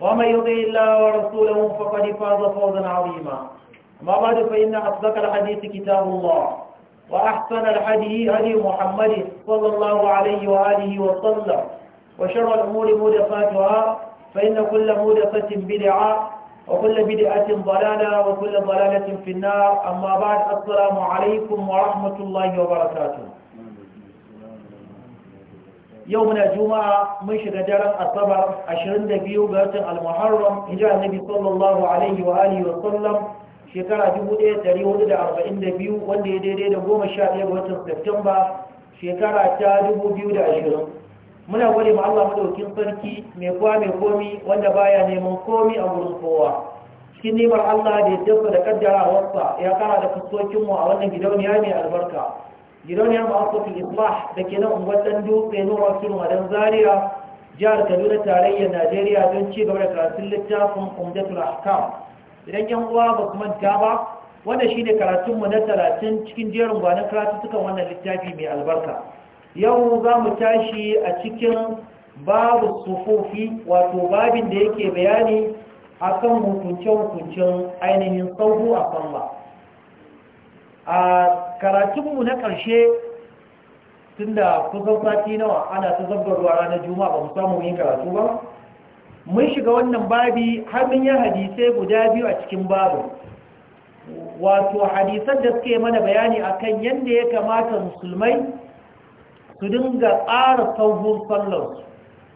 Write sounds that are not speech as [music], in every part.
ومن يطع الله ورسوله فقد فاز فوزا عظيما أما بعد فإن أصدق الحديث كتاب الله وأحسن الحديث هدي محمد صلى الله عليه وآله وسلم وشر الأمور مدفاتها فإن كل مدفة بدعة وكل بدعة ضلالة وكل ضلالة في النار أما بعد السلام عليكم ورحمة الله وبركاته yau muna juma'a mun shiga daren asabar 22 ga watan al-muharram hijira annabi sallallahu alaihi wa alihi wa sallam shekara 1442 wanda ya daidai da 11 ga watan septemba shekara ta 2020 muna gode ma Allah madaukin sarki mai kwa mai komi wanda baya neman komi a gurin kowa cikin nimar Allah da ya dafa da kaddara wasa ya kara da fuskokin mu a wannan gidauniya mai albarka gidauniyar ma'aikofin islah da ke nan unguwar dan dutse nura sun wadan zaria jihar kaduna tarayyar najeriya don ci gaba da karatun littafin umdatul ahkam idan yan uwa ba ku manta ba wanda shine karatun mu na talatin cikin jerin gwanin tukan wannan littafi mai albarka yau za mu tashi a cikin babu sufofi wato babin da yake bayani akan hukunce-hukuncen ainihin sauhu a sallah a karatunmu na ƙarshe tun da kusan sati nawa ana ta zabgarwa ranar juma'a ba mu samu yin karatu ba mun shiga wannan babi har mun yi hadisai guda biyu a cikin babu wato hadisan da suke mana bayani akan yadda ya kamata musulmai su dinga tsara sauhun sallar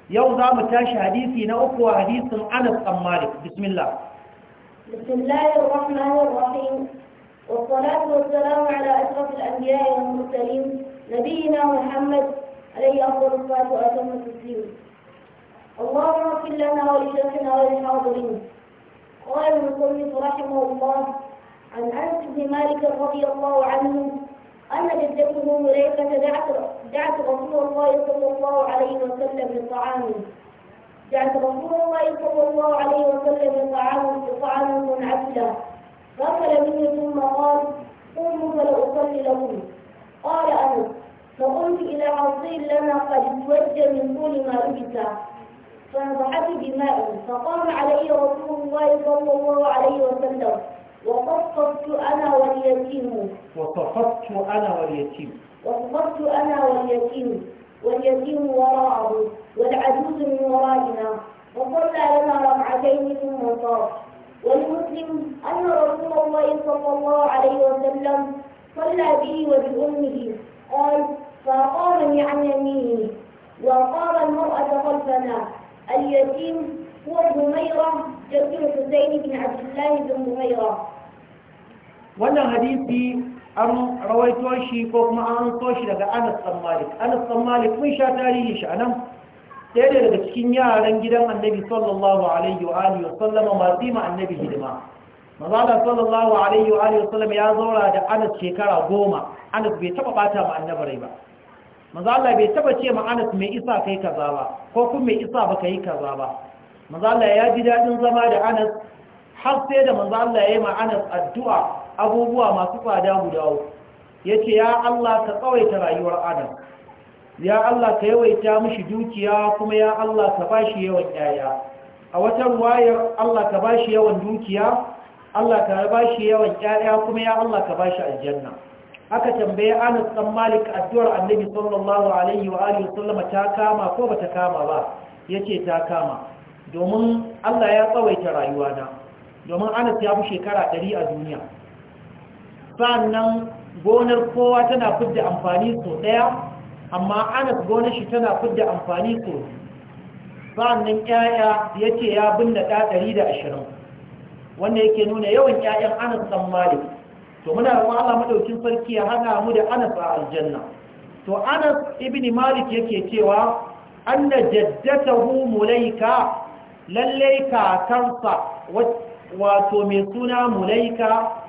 yau za mu tashi hadisi na uku hadisin anas an malik bismillah والصلاة والسلام على أشرف الأنبياء والمرسلين نبينا محمد عليه أفضل الصلاة وأتم التسليم اللهم اغفر لنا ولشيخنا وللحاضرين قال المصنف رحمه الله عن أنس بن مالك رضي الله عنه أن جدته مريكة دعت دعت رسول الله صلى الله عليه وسلم لطعام دعت رسول الله صلى الله عليه وسلم لطعام لطعام منعزله غفل مني ثم قال قوموا فلأصلي لهم قال أنس فقمت إلى عصير لنا قد اتوج من طول ما لبس فنضحت بماء فقام علي رسول الله صلى الله عليه وسلم وصففت أنا واليتيم وصففت أنا واليتيم وصففت أنا واليتيم واليتيم وراءه والعجوز من ورائنا وصلى لنا ركعتين ثم انصرف والمسلم أن الله صلى الله عليه وسلم صلى بي وبأمه قال فأقامني عن يمينه وأقام المرأة خلفنا اليتيم هو المميرة جد الحسين بن عبد الله بن المميرة wannan hadisi an rawaito shi ko kuma an so shi daga Anas bin Malik Anas bin Malik mun sha tarihi shi anan ɗaya daga cikin yaran gidan Annabi sallallahu alaihi wa alihi wa sallama masu yi ma Annabi hidima mazala sallallahu alaihi wa alaihi wasallam ya zaura da Anas shekara goma Anas bai taba bata ma rai ba mazaɗa bai taba ce ma Anas mai isa kai kaza ba ko kuma mai isa ba ka yi kaza ba mazaɗa ya ji daɗin zama da Anas har sai da mazaɗa ya yi ma Anas addu'a abubuwa masu tsada guda uku. ya Allah ka tsawaita rayuwar Anas ya Allah ka yawaita mishi dukiya kuma ya Allah ka bashi yawan yaya a wata ruwayar Allah ka bashi yawan dukiya Allah ka ba shi yawan ƴaƴa kuma ya Allah ka ba shi aljanna aka tambaye Anas dan Malik addu'ar Annabi sallallahu alaihi wa alihi wasallama ta kama ko bata kama ba yace ta kama domin Allah ya tsawaita rayuwana domin Anas ya fi shekara 100 a duniya sannan gonar kowa tana fidda amfani sau daya amma Anas gonar shi tana fidda amfani sau sannan ƴaƴa yace ya binne da 120 wanda yake nuna yawan 'ya'yan Anas dan Malik to muna roƙon Allah madaukin sarki ya hana mu da Anas a aljanna to Anas ibn Malik yake cewa anna jaddatahu mulaika lalle kakarsa wato mai suna mulaika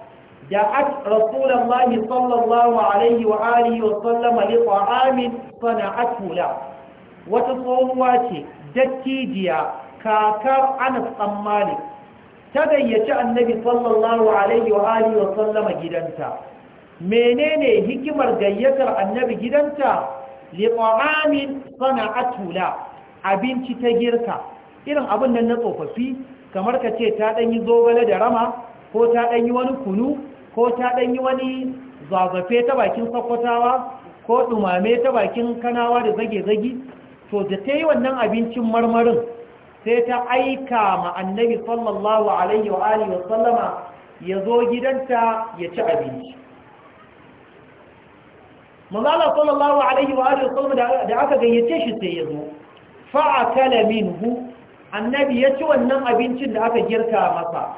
da رسول الله صلى الله عليه وآله وسلم لطعام صنعته له وتصوم واتي دكيجيا كاكر أنس أم مالك ta gayyaci annabi sallallahu alaihi wa alihi wa sallama gidanta menene hikimar gayyatar annabi gidanta liqamin sana'atu la abinci ta girka irin abin nan na tsofaffi kamar ka ce ta dan yi zogale da rama ko ta dan yi wani kunu ko ta dan yi wani zazafe ta bakin sakkwatawa ko dumame ta bakin kanawa da zage-zage to da ta yi wannan abincin marmarin sai ta aika ma annabi sallallahu alaihi wa alihi ya zo gidanta ya ci abinci manzala sallallahu alaihi wa alihi wa da aka gayyace shi sai ya zo fa'akala minhu annabi ya ci wannan abincin da aka girka masa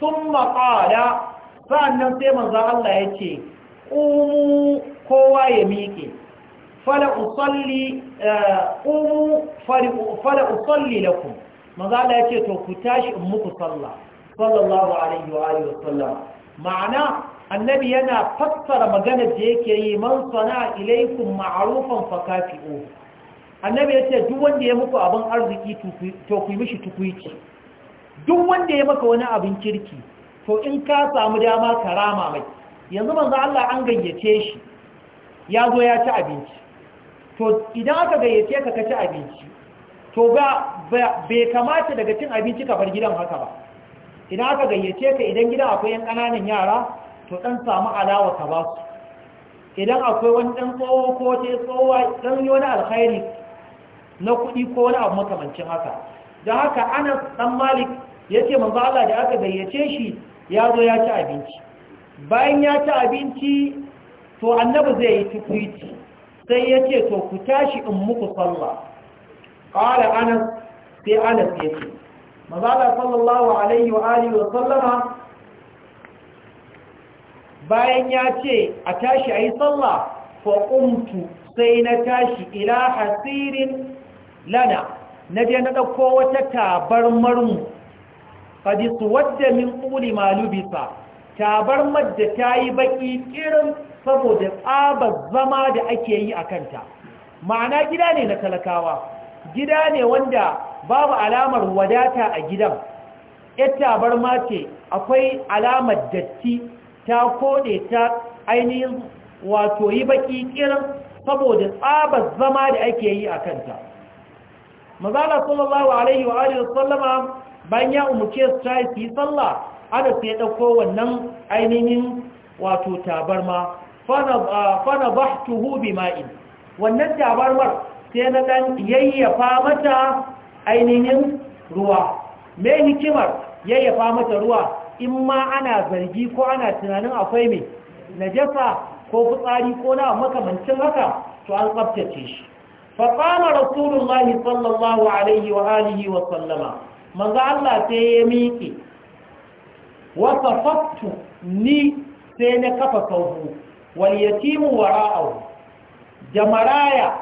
sun maƙala sa'annan sai manzo Allah ya ce kowa ya miƙe fala usalli eh, qumu fala usalli lakum yace to ku tashi in muku sallah sallallahu alaihi wa alihi wasallam ma'ana annabi yana fassara maganar da yake yi man sana ma'arufan ma'rufan fakafi'u annabi yace duk wanda ya muku abin arziki to ku mishi tukuici duk wanda ya maka wani abin kirki to in ka samu dama karama mai yanzu manzo Allah an gayyace shi ya zo ya ci abinci to idan aka gayyace ka kaci abinci to ba bai kamata daga cin abinci ka bar gidan haka ba idan aka gayyace ka idan gidan akwai yan kananan yara to dan samu alawa ka ba su idan akwai wani dan tsoho ko ce tsohuwa dan yi wani alkhairi na kuɗi ko wani abu makamancin haka don haka anas ɗan malik ya ce manzo Allah da aka gayyace shi ya zo ya ci abinci bayan ya ci abinci to annabi zai yi tukwiti sai ya ce to ku tashi in muku sallah ƙara anas sai anas ya ce mazala sallallahu alaihi wa alihi wa sallama bayan ya ce a tashi a yi ko umtu sai na tashi ila hasirin lana na je na ɗauko wata tabar marmu fadisu wadda min ƙuli malubisa tabarmar da ta yi baƙi ƙirin saboda tsabar zama da ake yi a kanta ma'ana gida ne na talakawa gida ne wanda babu alamar wadata a gidan yar tabarma ce akwai alamar datti ta kode ta ainihin wato yi baƙi ƙirin saboda tsabar zama da ake yi a kanta mazala sallallahu alaihi wa sallama ban ya umarce su ta yi sallah anas ya ɗauko wannan ainihin wato tabarma fana ba tuhu bi ma'in wannan tabarmar sai na ɗan yayyafa mata ainihin ruwa mai hikimar yayyafa mata ruwa in ma ana zargi ko ana tunanin akwai mai najasa ko fitsari ko na makamancin haka to an tsabtace shi faƙama rasulullahi sallallahu alaihi wa alihi wa sallama manzo Allah sai ya miƙe wasafattu ni sai na kafa sauhu wal yatimu wara'ahu da maraya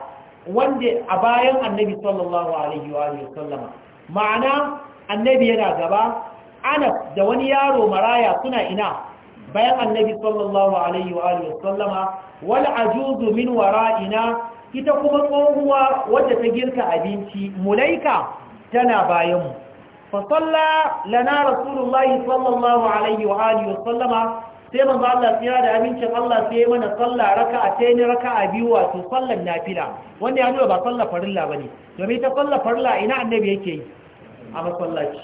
wanda a bayan annabi sallallahu alaihi wa sallama ma'ana annabi yana gaba ana da wani yaro maraya suna ina bayan annabi sallallahu alaihi wa sallama wal ajuzu min ita kuma tsohuwa wadda ta girka abinci mulaika tana bayanmu فصلى لنا رسول الله صلى الله عليه وآله وسلم sai manzo Allah tsira da abincin Allah sai mana sallah raka'a ce ne raka'a biyu wato sallar nafila wanda ya nuna ba sallar farilla bane domin ta sallar farilla ina annabi yake yi a masallaci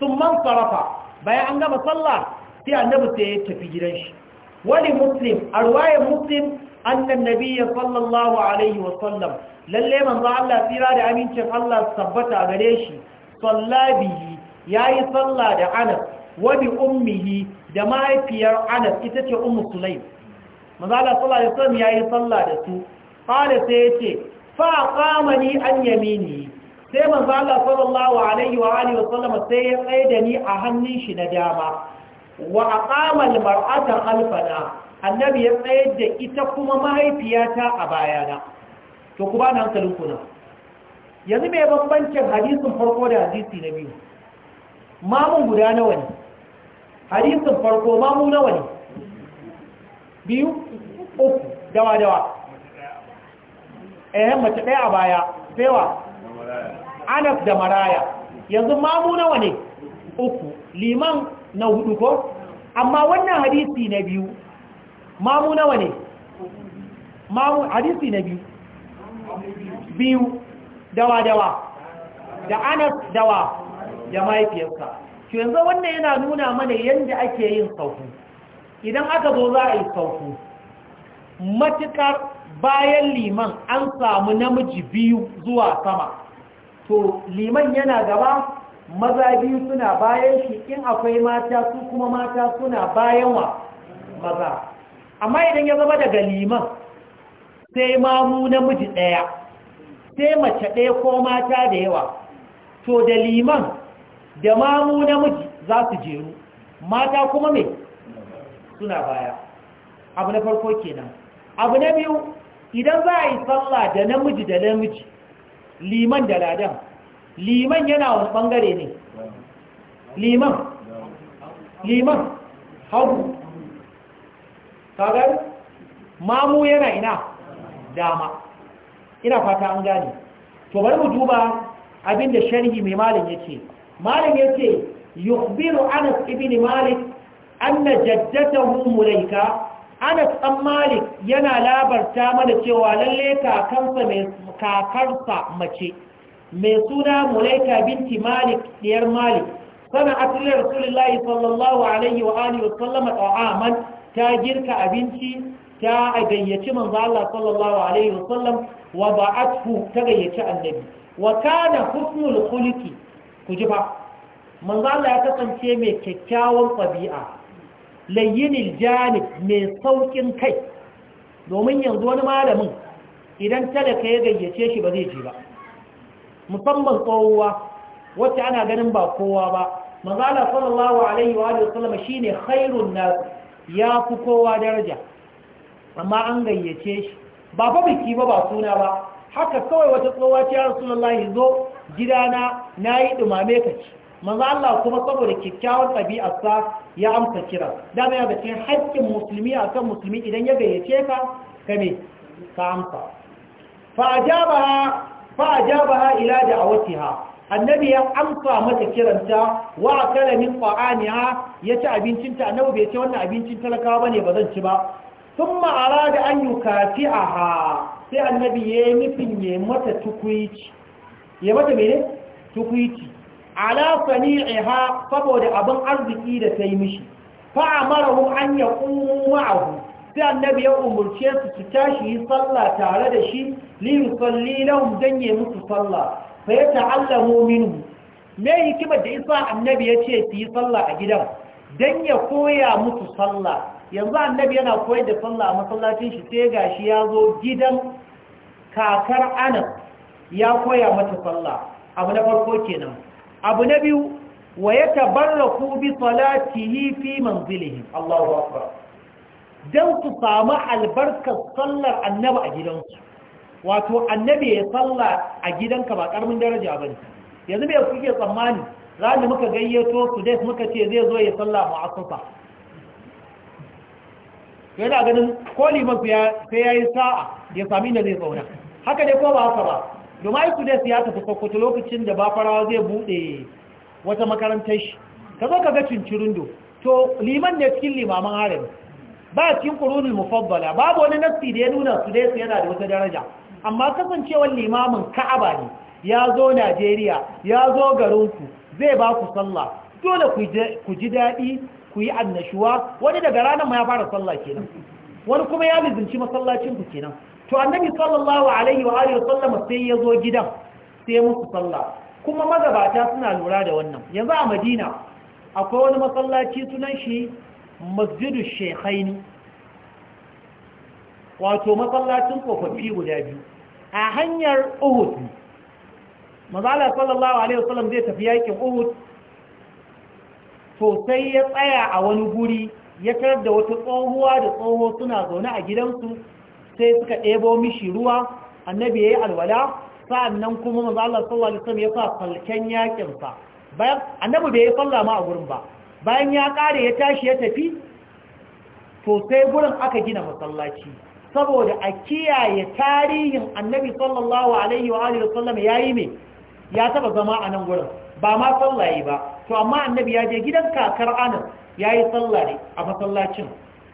sun man sarafa bayan an gama sallah sai annabi sai tafi gidan shi wani muslim a ruwayan muslim annan nabiyya sallallahu alaihi wa sallam tsira da abincin Allah tabbata gare shi sallabihi yayi sallah da Anas wani ummihi da mahaifiyar Anas ita ce ummu Sulaim manzo Allah da alaihi ya yayi sallah da su qala sai yace fa qamani an yamini sai manzo Allah sallallahu alaihi wa alihi sai ya tsaye da ni a hannun shi na dama wa aqama al mar'atar khalfana annabi ya tsaye da ita kuma mahaifiyata a bayana to ku ba na hankalin ku na yanzu mai bambancin hadisin farko da hadisi na biyu mamun guda nawa ne hadisin farko mamu nawa ne biyu uku dawa dawa ehem mace ɗaya a baya Fewa, anas da maraya yanzu mamu nawa ne uku liman na hudu ko amma wannan hadisi na biyu mamu nawa ne mamun hadisi na biyu biyu dawa dawa da anas dawa da mahaifiyarsa to yanzu wannan yana nuna mana yadda ake yin sauku idan aka zo za a yi sauku matukar bayan liman an samu namiji biyu zuwa sama to liman yana gaba maza biyu suna bayan shi in akwai mata su kuma mata suna bayan wa maza amma idan ya zama daga liman sai mamu namiji ɗaya sai mace ɗaya ko mata da yawa to da liman da mamu namiji za su jeru mata kuma mai suna baya abu na farko kenan abu na biyu idan za a yi tsalla da namiji da namiji liman da ladan liman yana wani bangare ne liman liman hagu kagar mamu yana ina dama ina fata an gane to bari mu duba abin da sharhi mai malam yace malam yace yukhbiru anas ibn malik anna jaddatahu mulaika anas dan malik yana labarta mana cewa lalle kakansa mai kakarsa mace mai suna mulaika binti malik diyar malik sana asli rasulullahi sallallahu alaihi wa alihi wa sallama ta'aman ta girka abinci ta gayyaci manzo Allah sallallahu alaihi wasallam wa ba'athu ta gayyaci annabi wa kana husnul khuluqi ku ji fa manzo Allah ya kasance mai kyakkyawan ɗabi'a layyinil janib mai saukin kai domin yanzu wani malamin idan talaka ya gayyace shi ba zai ji ba musamman tsohuwa wacce ana ganin ba kowa ba manzo Allah sallallahu alaihi wa sallam shine khairun nas ya fi kowa daraja amma an gayyace shi ba fa biki ba ba suna ba haka kawai wata tsowa ce rasulullahi zo gidana nayi dumame ka ci manzo Allah kuma saboda kyakkyawar ɗabi'ar sa ya amsa kira dama ya ga cikin haƙƙin musulmi akan musulmi idan ya gayyace ka ka me ka amsa fa ajabaha fa ajabaha ila ha annabi ya amsa mata kiranta wa akala min qa'aniha yace abincinta annabi bai ce wannan abincin talakawa bane zan ci ba sun ma'ara da an yi kafi a ha sai annabi ya yi nufin ya mata tukuici ya mata mene tukuici saboda abin arziki da ta yi mishi fa'amarahum an ya ƙumu ma'ahu sai annabi ya umarce su su tashi yi sallah tare da shi liyu salli lahum danye musu sallah fa ya ta'allamu minhu me hikimar da isa annabi ya ce su yi sallah a gidan dan ya koya musu sallah yanzu annabi yana koyar da sallah a masallacin shi sai gashi ya zo gidan kakar anas ya koya mata sallah abu na farko kenan abu na biyu wa ya tabarraku bi salatihi fi manzilihi Allahu akbar dan su samu albarkar sallar annabi a gidansu wato annabi ya salla a gidanka ba karamin daraja bane yanzu me kuke tsammani da muka gayyato su dai muka ce zai zo ya salla mu'assasa yana ganin ko liman sai ya yi sa'a ya sami da zai zauna haka ne ko ba haka ba domin ai su ya tafi kwakwato lokacin da ba farawa zai buɗe wata makarantar shi ka zo ka ga cincirindo to liman ne cikin limaman harin ba cikin kurunin mufabbala babu wani nasti da ya nuna su dai su yana da wata daraja amma kasancewar limamin ka'aba ne ya zo najeriya ya zo garinku zai ba ku sallah dole ku ji daɗi ku yi annashuwa wani daga ranar mu ya fara sallah kenan wani kuma ya lizinci masallacin ku kenan to annabi sallallahu alaihi wa alihi wasallam sai ya zo gidan sai musu sallah kuma magabata suna lura da wannan yanzu a madina akwai wani masallaci sunan shi masjidu shekhaini wato masallacin tsofaffi guda biyu a hanyar uhud mazala sallallahu alaihi sallam zai tafi yakin uhud to sai ya tsaya a wani guri ya tarar da wata tsohuwa da tsoho suna zaune a gidansu sai suka ɗebo mishi ruwa annabi ya yi alwala sa'annan kuma maza Allah sallallahu alaihi wasallam ya sa falken yakin sa bayan annabi bai yi ma a gurin ba bayan ya ƙare ya tashi ya tafi to sai gurin aka gina masallaci saboda a kiyaye tarihin annabi sallallahu alaihi wa alihi wasallam yayi me ya taba zama a nan gurin ba ma sallaye ba to amma annabi ya je gidan kakar anas ya yi sallah ne a masallacin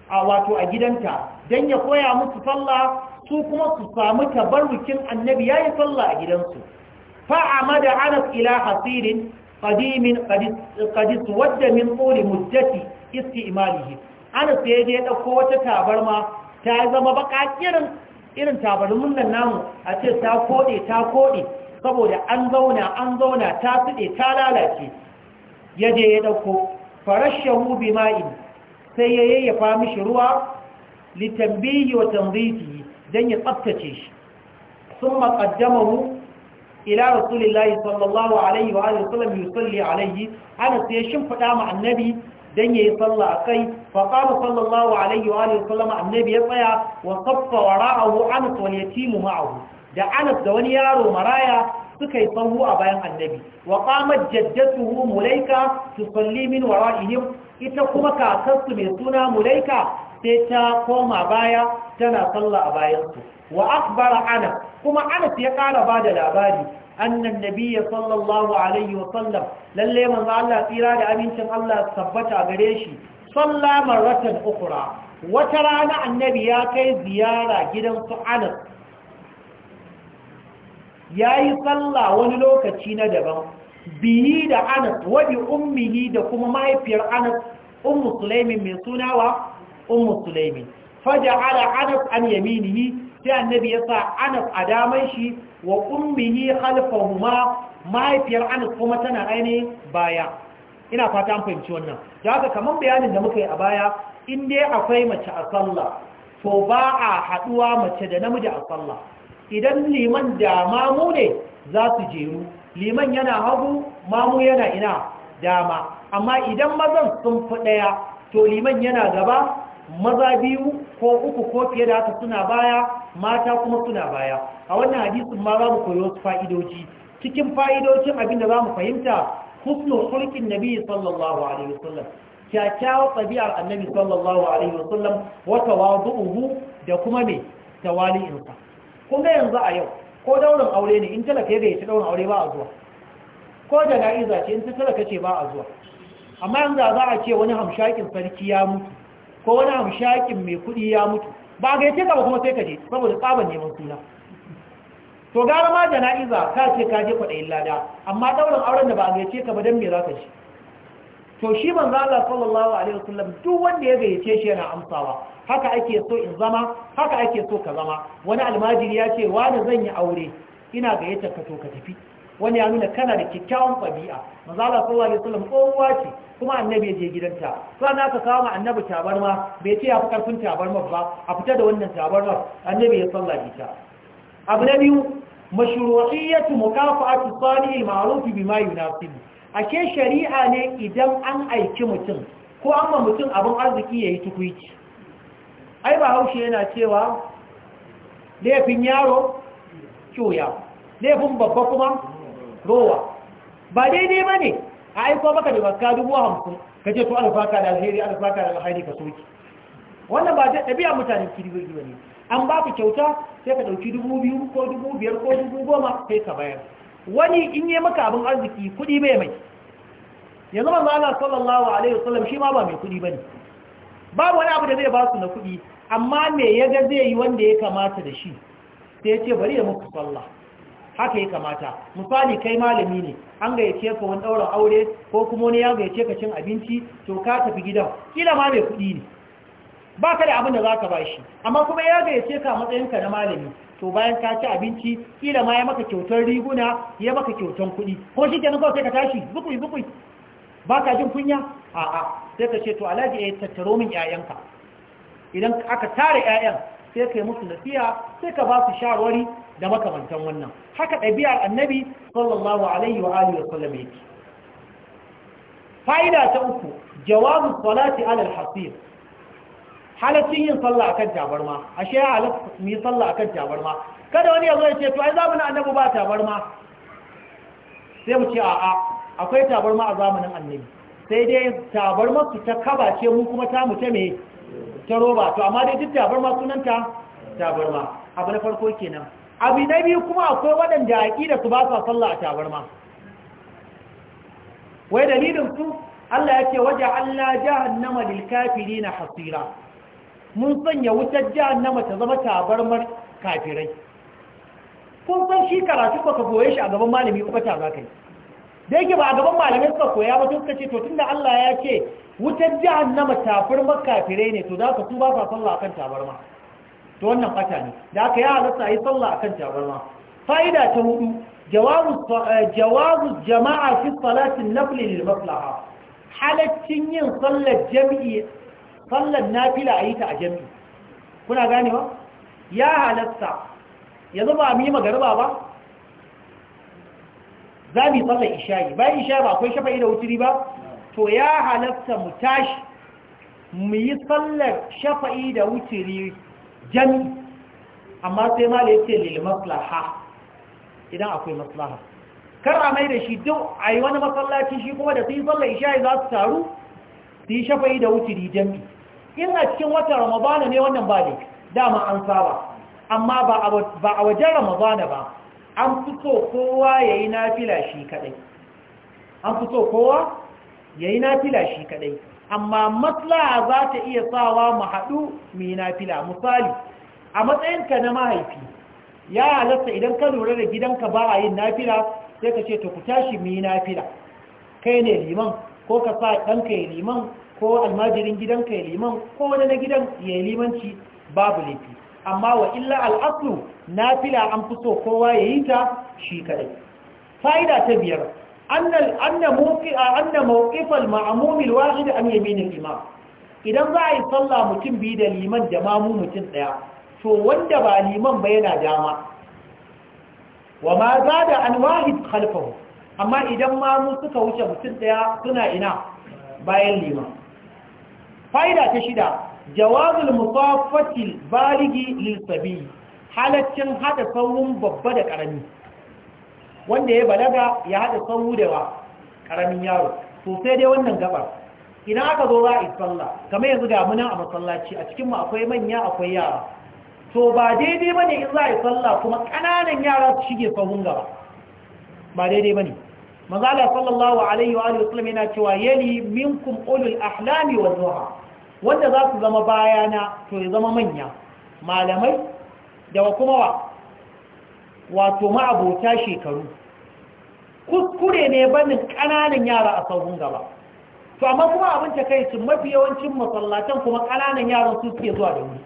a wato a gidanta don ya koya musu sallah su kuma su samu tabarrukin annabi ya yi sallah a gidansu ila فعمد عنف إلى حصير قديم قد سود من طول مدة ya أنا ɗauko wata tabarma ta zama baka irin tabarmin nan namu a ce ta kode ta kode saboda an zauna an zauna ta fide ta lalace ya je ya ɗauko farashahu bi ma'in sai ya yayyafa mishi ruwa litambihi wa tanziti dan ya tsaftace shi thumma mu ila rasulillahi sallallahu alaihi wa alaihi ana sai ma annabi dan yayi salla a kai qala sallallahu alaihi wa annabi ya tsaya wa saffa wara'ahu ma'ahu da anas da wani yaro maraya suka yi tsawo a bayan annabi wa qamat jaddatuhu mulaika tusalli min wara'ihim ita kuma kakarsu mai suna mulaika sai ta koma baya tana salla a bayansu wa akbara anas kuma anas ya kara ba da labari annan nabiyya sallallahu alaihi wa sallam lalle manzo Allah tsira da amincin Allah tabbata gare shi salla marratan ukhra wata rana annabi ya kai ziyara gidan su anas ya yi sallah wani lokaci na daban biyi da anas wabi ummihi da kuma mahaifiyar anas un sulaimin mai suna wa ummu sulaimin faja'ala anas an yaminihi sai annabi ya sa anas a daman shi wa ummihi khalfahuma mahaifiyar anas kuma tana ainihin baya ina fata an fahimci wannan da haka kamar bayanin da muka yi a baya in dai akwai mace a sallah to ba a haduwa mace da namiji a sallah idan liman da mamu ne za su jeru liman yana hagu mamu yana ina dama amma idan mazan sun fi ɗaya to liman yana gaba maza biyu ko uku ko fiye da haka suna baya mata kuma suna baya a wannan hadisin ma za mu koyo fa'idoci cikin fa'idocin abin da za mu fahimta husnul sulkin nabi sallallahu alaihi wasallam kyakkyawar Tsabiyar, annabi sallallahu alaihi wasallam wa da kuma mai tawali'insa kuma yanzu a yau ko daurin aure ne in talaka bai ci daurin aure ba a zuwa ko jana'iza ce in ta talaka ce ba a zuwa amma yanzu za a ce wani hamshakin sarki ya mutu ko wani hamshakin mai kuɗi ya mutu ba ga yace ka ba kuma sai ka je saboda tsaban neman suna to gara ma jana'iza ka ce ka je kwaɗayin lada amma daurin auren da ba a gaice ka ba don me za ka je? to shi manzo Allah sallallahu alaihi wasallam duk wanda ya gayyace shi yana amsawa haka ake so in zama haka ake so ka zama wani almajiri ya ce wani zan yi aure ina gayyata ka to ka tafi wani ya nuna kana da kyakkyawan ɗabi'a manzo Allah sallallahu alaihi wasallam kowa ce kuma annabi ya je gidanta sannan aka kawo annabi tabarma bai ce ya fi karfin tabarma ba a fita da wannan tabarma annabi ya sallaje ta abu na biyu mashru'iyyatu mukafa'ati salihil ma'ruf bima yunasibu ake shari'a ne idan an aiki mutum ko an ma mutum abin arziki ya yi tukwici ai ba haushe yana cewa laifin yaro cuya laifin babba kuma rowa ba daidai ba ne a aiko maka da maka dubu hamsin ka ce to alfaka da alheri alfaka da alhari, ka soki wannan ba ɗabi'a mutanen kirgirgi ba ne an ba ku kyauta sai ka ɗauki dubu biyu ko dubu biyar ko dubu goma sai ka bayar wani in yi maka abin arziki kudi bai mai yanzu za a sallallahu alaihi wasallam shi ma ba mai kudi ne. babu wani abu da zai ba su na kudi amma me yaga zai yi wanda ya kamata da shi sai ce bari da muku sallah haka ya kamata misali kai malami ne an gayyace ka wani ɗaurin aure ko kuma wani ya gayyace ka cin abinci to ka tafi gidan kila ma mai kuɗi ne ba ka da abin da za ka ba shi. amma kuma ya gayyace ka matsayinka na malami to bayan ka ci abinci kila ma ya maka kyautar riguna ya maka kyautar kuɗi ko shi kenan kawai sai ka tashi bukui bukui ba ka jin kunya a'a sai ka ce to alhaji ya eh, tattaro min 'ya'yanka. idan aka tare 'ya'yan, sai ka yi musu nasiha sai ka ba su shawarwari da makamantan wannan haka ɗabi'ar annabi sallallahu alaihi wa alihi wa sallam yake fa'ida ta uku jawabu salati ala al-hasir halaccin yin sallah akan tabarma ashe ya halatta mu yi sallah akan tabarma kada wani ya zo ya ce to ai zamanin annabi ba tabarma sai mu ce a'a akwai tabarma a zamanin annabi sai dai tabarma su ta kaba ce mu kuma ta mu ta me ta roba to amma dai duk tabarma sunanta tabarma abu na farko kenan abu na biyu kuma akwai waɗanda aƙida su ba sa sallah a tabarma wai dalilin su Allah ya ce waje Allah jahannama lil kafirina hasira mun sanya wutar na ta zama tabarmar kafirai kun san shi karatu ba ka koye shi a gaban malami ba ta za ka yi da yake ba a gaban malamai suka koya ba suka ce to tunda Allah ya ce wutar jahannama tabarmar kafirai ne to za ka tuba ba sa sallah akan tabarma to wannan fata ne da aka yi halatta a yi sallah akan tabarma fa'ida ta hudu jawabu eh, jama'a fi salatin nafli lil maslaha halaccin yin sallar jami'i sallar nafila a yi ta a jami'i kuna ba? ya halatta yanzu ba mu yi garba ba za mu yi sallar isha'i bayan isha'i ba akwai shafa'i da wuturi ba to ya halatta mu tashi mu yi tsallar shafa'i da wuturi jami'i amma sai ma da yake lil maslaha idan akwai maslaha kar a mai da shi duk a yi wani masallaci shi kuma da su yi sallar isha'i za su taru su yi shafa'i da wuturi jami'i in a cikin watan ramadana ne wannan ba ne dama an saba amma ba a wajen ramadana ba an fito kowa ya yi nafila shi kadai an fito kowa ya yi nafila shi kadai amma maslaha za ta iya sawa mu haɗu mu yi nafila misali a matsayinka na mahaifi ya halatta idan ka lura da gidanka ba a yin nafila sai ka ce to ku tashi mu yi nafila kai ne liman ko ka sa ɗanka ya liman ko almajirin gidanka ya liman ko wani na gidan ya limanci babu laifi amma wa illa al'aslu na fila an fito kowa ya yi ta shi kadai fa'ida ta biyar anna mawqifal ma'amumin wahid an yaminil imam idan za a yi sallah mutum biyu da liman da mamu mutum daya to wanda ba liman ba yana dama wa ma da an wahid khalfahu amma idan mamu suka wuce mutum daya suna ina bayan liman fa'ida ta shida jawazul musafatil baligi lil sabi halaccin hada sauwun babba da karami wanda ya balaga ya hada sauwu da wa karamin yaro to sai dai wannan gabar idan aka zo za a isalla kamar yanzu ga muna a masallaci a cikin mu akwai manya akwai yara to ba daidai bane in za a isalla kuma kananan yara su shige sauwun gaba ba daidai bane maza Allah sallallahu alaihi wa alihi wasallam yana cewa yali minkum ulul ahlami wadh-dhuha wanda za su zama bayana to ya zama manya malamai da kuma wa wato ma'abota shekaru kuskure ne banin ƙananan yara a saurin gaba to amma kuma abin ta kai mafi yawancin masallatan kuma ƙananan yaran su suke zuwa da wuri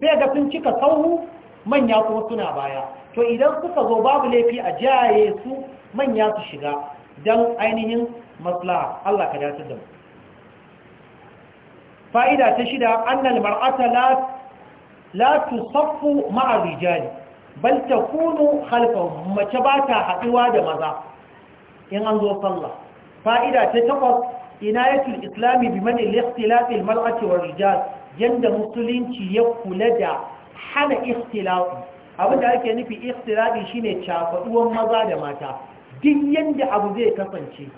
sai ga sun cika sauhu manya kuma suna baya to idan suka zo babu laifi a jaye su manya su shiga don ainihin maslaha Allah ka dace da mu fa'ida ta shida annal mar'ata la la tusaffu ma'a rijali bal takunu khalfahum mace ba ta da maza in an zo sallah fa'ida ta takwas inayatul islami bi man al-ikhtilaf wa rijal yadda musulunci ya kula da hana ikhtilafi abinda ake nufi ikhtilafi shine cafaduwan maza da mata duk yadda abu zai kasance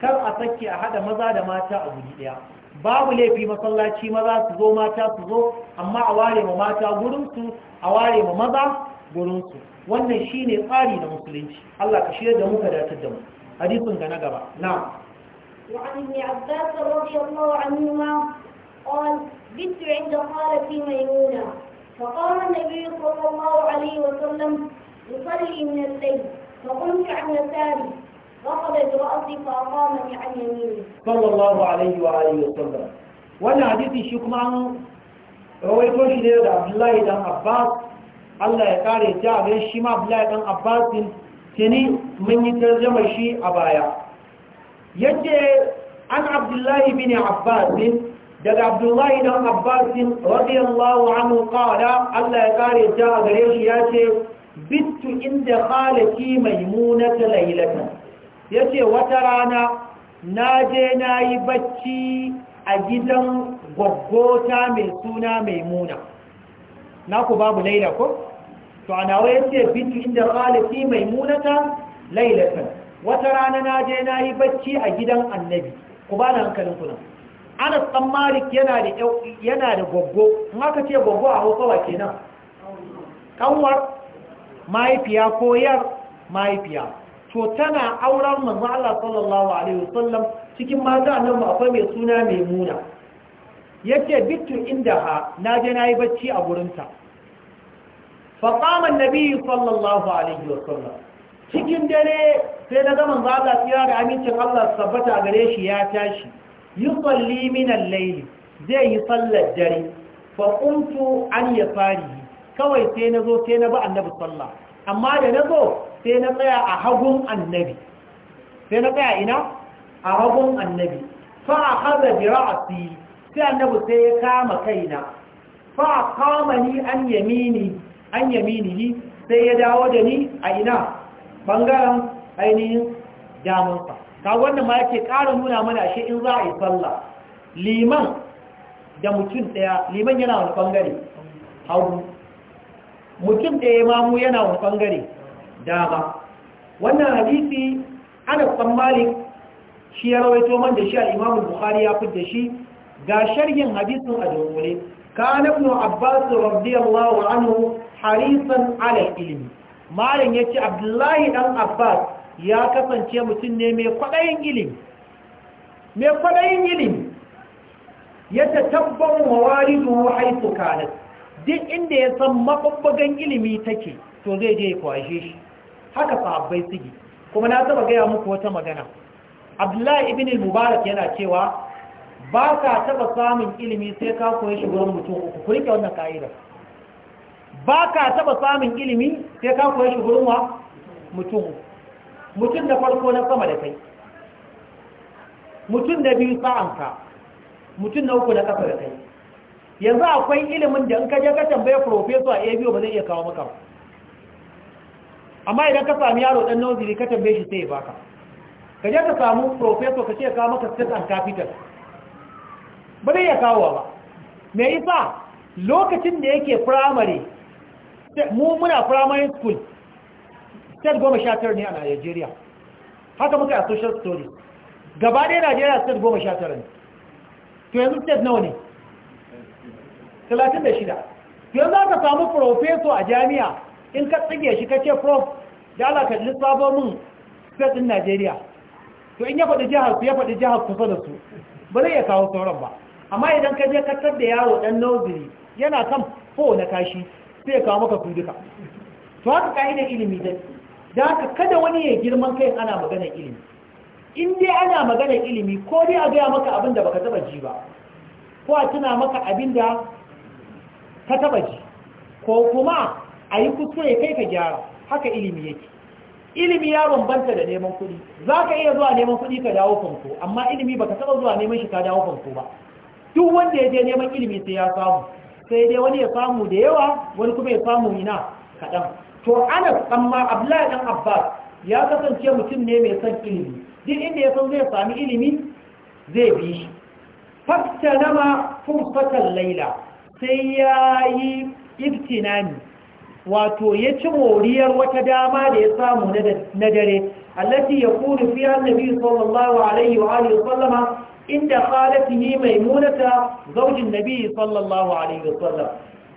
kar a sake a haɗa maza da mata a guri ɗaya. babu laifi masallaci maza su zo mata su zo amma a ware ma mata gurinsu a ware ma maza gurinsu wannan shine tsari na musulunci Allah ka shirya da muka ka da mu hadisin ga na gaba na وعن ابن عباس رضي الله عنهما قال بت عند خالتي ميمونة فقام النبي صلى الله عليه وسلم يصلي من الليل فقمت عن يساري رفض برأسي فأقامني عن يمينه صلى الله عليه وآله وسلم وانا حديثي شكما رويتون شديد عبد الله بن عباس الله يقاري جاء شما عبد الله بن عباس تني من يترجم شيء أبايا يجي عن عبد الله بن عباس دد عبد الله بن عباس رضي الله عنه قال الله يقاري جاء غريش ياتي بت عند خالتي ميمونة ليلة ya ce wata rana na je na yi bacci a gidan gwaggota mai suna mai muna na ku babu laila ko? to ana nawa ya ce bitu inda ƙalifi mai munata lailatan wata rana na je na yi bacci a gidan annabi ku ba na hankalin kuna anas ɗan malik yana da goggo in aka ce gwaggo a hausawa kenan kanwar mahaifiya ko yar mahaifiya to tana auren manzo Allah sallallahu alaihi wasallam cikin mata nan ba akwai mai suna Maimuna yace bitu inda ha naje nayi bacci a gurinta ta fa qama annabi sallallahu alaihi wasallam cikin dare sai na ga manzo Allah tsira da amincin Allah sabbata gare shi ya tashi yusalli min al-layl zai yi sallar dare fa qumtu an yafari kawai sai nazo sai na ba annabi sallallahu amma da na zo sai na tsaya a hagun annabi sai na tsaya ina a hagun annabi fa a haza bi ra'asi sai annabi sai ya kama kaina fa a kama ni an yamini an sai ya dawo da ni a ina bangaren ainihin damansa ka wannan ma yake ƙara nuna mana shi in za a yi sallah liman da mutum ɗaya liman yana wani bangare hagu mutum da ya mamu yana wa ɓangare dama wannan hadisi anas bin malik shi ya rawaito man da shi a imam bukhari ya da shi ga sharhin hadisin a Ka dole kana ibn abbas wa anu harisan ala malin malam ce abdullahi dan abbas ya kasance mutum ne mai kwaɗayin ilimi mai kwaɗayin ilimi ya tabbamu wa zuwa haifu duk inda ya san mafabbagan ilimi take to zai je kwashe shi haka sahabbai suke kuma na taba gaya muku wata magana abdullahi ibn mubarak yana cewa ba ka taba samun ilimi sai ka koyi shi gurin mutum uku ku rike wannan ka'ida ba ka taba samun ilimi sai ka koyi shi gurin wa mutum mutum da farko na sama da kai mutum da biyu sa'anka mutum na uku na kafa da kai yanzu akwai ilimin da in ka je ka tambaye profesor a biyu ba zai iya kawo maka amma idan ka sami yaro dan nozili ka tambaye shi sai ya baka ka je ka samu profesor ka ce ka maka state and capital ba zai iya kawo ba me yasa lokacin da yake primary mu muna primary school state goma sha tara ne a Najeriya haka muka a social story gaba ɗaya Najeriya state goma sha tara ne to yanzu state nawa ne talatin da shida yanzu aka samu profeso a jami'a in ka tsige shi ka ce prof da alaka lissafo min state in najeriya to in ya faɗi jihar ku ya faɗi jihar kusa da su ba zai ya kawo sauran ba amma idan ka je katar da yaro dan noziri yana kan fo na kashi sai ya kawo maka su duka to haka ka'idar ilimi da da haka kada wani ya girman kai ana magana ilimi in dai ana magana ilimi ko dai a gaya maka abinda da baka taba ji ba ko a tuna maka abin da ka taba ji ko kuma a yi ya kai ka gyara haka ilimi yake ilimi ya bambanta da neman kuɗi za ka iya zuwa neman kuɗi ka dawo fanko amma ilimi ba ka taɓa zuwa neman shi ka dawo fanko ba duk wanda ya je neman ilimi sai ya samu sai dai wani ya samu da yawa wani kuma ya samu ina kaɗan to anas amma abdullahi dan abbas ya kasance mutum ne mai son ilimi duk inda ya san zai sami ilimi zai bi shi fastanama fursatan laila sai ya yi ibtinani wato ya ci moriyar wata dama da ya samu na dare allati yakunu fiha annabi sallallahu alaihi wa alihi sallama, inda khalatihi maimunata zaujin nabi sallallahu alaihi wasallam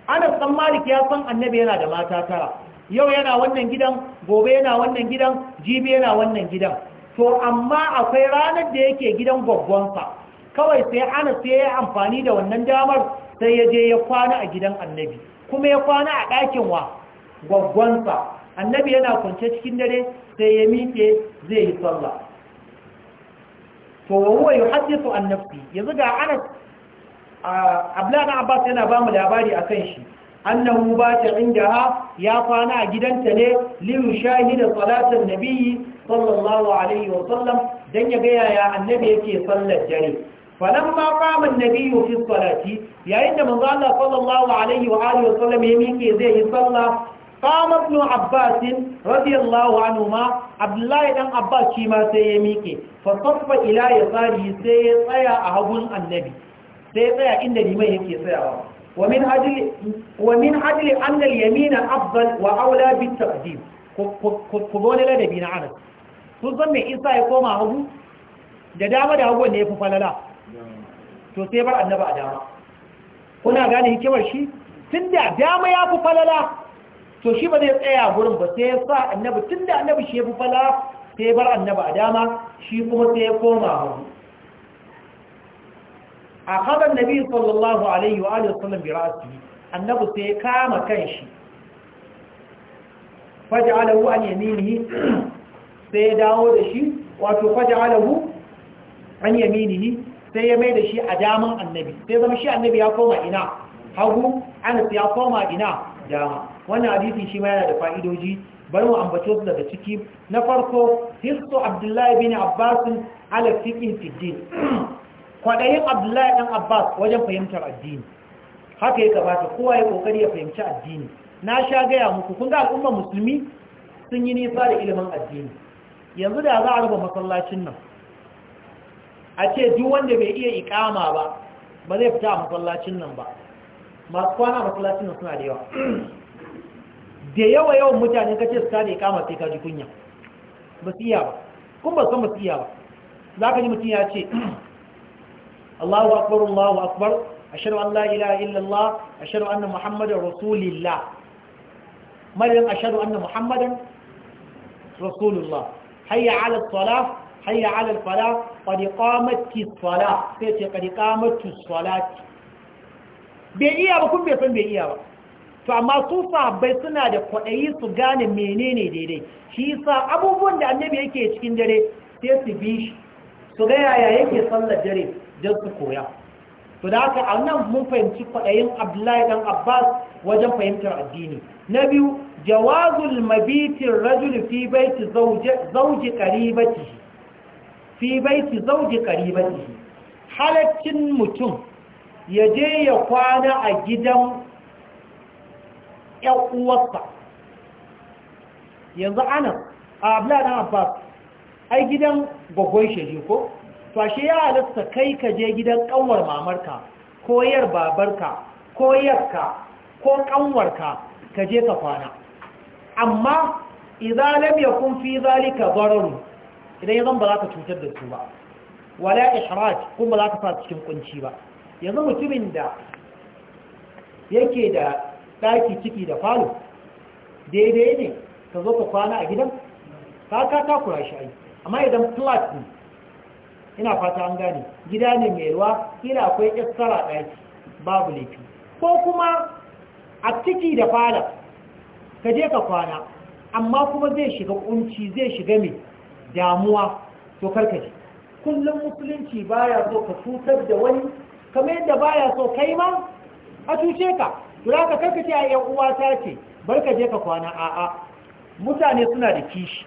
ana san malik ya san annabi yana da mata tara yau yana wannan gidan gobe yana wannan gidan jibi yana wannan gidan to amma akwai ranar da yake gidan gwaggwansa kawai sai anas sai ya amfani da wannan damar sai ya je ya kwana a gidan annabi kuma ya kwana a ɗakin wa gwaggwansa annabi yana kwance cikin dare sai ya miƙe zai yi sallah to wahuwa yi hadisu annabi yanzu ga anas abdullahi abbas yana ba mu labari kan shi annahu ba ta ha ya kwana a gidanta ne liyu da salatin nabiyyi sallallahu alaihi wa sallam dan ya gaya yaya annabi yake sallar dare falamma qama an-nabiyyu fi salati yayin da manzo Allah sallallahu alaihi wa alihi wa sallam ya miƙe zai yi sallah qama ibn abbas radiyallahu anhuma abdullahi dan abbas shi ma sai ya miƙe fa saffa ila yasari sai ya tsaya a hagun annabi sai ya tsaya inda liman yake tsayawa ومن أجل ومن أجل أن اليمين أفضل وأولى بالتقديم كبون لنا بين عمل sun san mai isa ya koma hagu da dama da hagu ne ya fi falala to sai bar annaba a dama kuna gane hikimar shi tun da dama ya fi falala to shi ba zai tsaya gurin ba sai ya sa annabi tun da annabi shi ya fi falala sai bar annaba a dama shi kuma sai ya koma hagu a haɗar nabi sallallahu alaihi wa alihi wasallam bi ra'asi annabi sai ya kama kanshi faj'alahu an yaminihi sai ya dawo da shi wato faj'alahu an yaminihi sai ya mai da shi a daman annabi sai zama shi annabi ya koma ina hagu anas ya koma ina dama wannan hadisi shi ma yana da fa'idoji bari mu ambace su daga ciki na farko hisso abdullahi bin abbas ala fiqh fi [clears throat] kwadayin abdullahi dan abbas wajen fahimtar addini haka ya gabata. kowa ya kokari ya fahimci addini na sha gaya muku kun ga al'ummar musulmi sun yi nisa da ilimin addini yanzu da za a raba masallacin nan a ce duk wanda bai iya ikama ba ba zai fita a masallacin nan ba masu kwana masallacin nan suna da yawa [clears throat] da yawa yawan mutane ka ce su tada ikama sai ka ji kunya ba su iya ba kuma ba su iya ba za ka ji mutum ya ce [clears throat] Allahu akbar Allahu akbar ashhadu an la ilaha illallah ashhadu anna muhammadar rasulillah madan ashhadu anna muhammadan rasulullah hayya ala salah hayya alal fala qad qamati sai ce bai iya ba kun bai san bai iya ba to amma su sahabbai suna da kwaɗayi su gane menene daidai shi yasa abubuwan da annabi yake cikin dare sai su bi shi su ga yaya yake sallar dare don su koya to da haka a nan mun fahimci kwaɗayin abdullahi dan abbas wajen fahimtar addini na biyu jawazul mabitin rajul fi baiti zauji qaribatihi fi baiti zauji karibati halaccin mutum ya je ya kwana a gidan uwarsa yanzu ana a abladan abbas ai gidan gwagwai shi ko fashe ya halatta kai ka je gidan ƙanwar mamarka koyar babarka ko yarka ko ƙanwarka, ka je ka kwana amma idan lam yakun fi zalika dararu idan ya zan ba za ka cutar da su ba wala ishraj kuma ba za ka sa cikin kunci ba yanzu mutumin da yake da daki ciki da falo daidai ne ka zo ka kwana a gidan ka ka kura shi ai amma idan flat ne ina fata an gane gida ne mai ruwa kila akwai ƙasara ɗaki babu laifi ko kuma a ciki da falo ka je ka kwana amma kuma zai shiga kunci zai shiga mai damuwa to karka ji kullum musulunci baya so ka cutar da wani kamar yadda baya so kai ma a cuce ka tura ka karka ce a yan uwa ta ce bar ka je ka kwana a'a mutane suna da kishi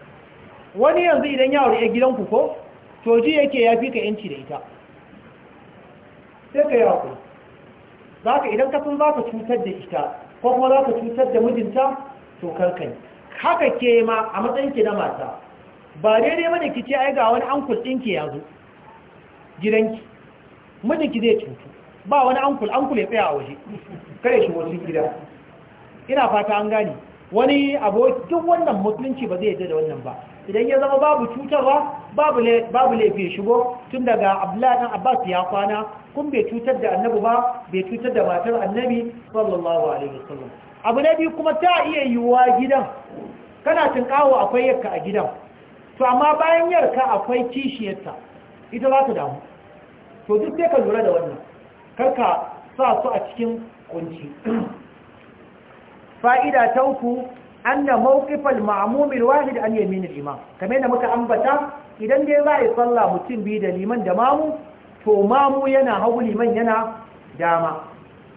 wani yanzu idan ya gidan gidanku ko to ji yake ya fi ka yanci da ita sai ka yi ku za ka idan ka sun za ka cutar da ita ko kuma za ka cutar da mijinta to karka ji. haka ke ma a matsayin ki na mata ba daidai ba da ki ce ai ga wani ankul ɗinki ya zo gidanki mijinki zai cutu ba wani ankul ankul ya tsaya a waje kare shi wasu gida ina fata an gane wani abu duk wannan musulunci ba zai yadda da wannan ba idan ya zama babu cutarwa babu laifin shigo tun daga abdullahi abbas ya kwana kun bai cutar da annabi ba bai cutar da matar annabi sallallahu alaihi wasallam abu na biyu kuma ta iya yiwuwa gidan kana kawo akwai yakka a gidan to amma bayan yarka akwai kishiyarta ita za ta damu to duk sai ka lura da wannan karka sa su a cikin kunci fa'ida ta uku anna mawqifal mamumin wahid an yaminil imam kame yadda muka ambata idan dai za a yi sallah mutum biyu da liman da mamu to mamu yana hagu liman yana dama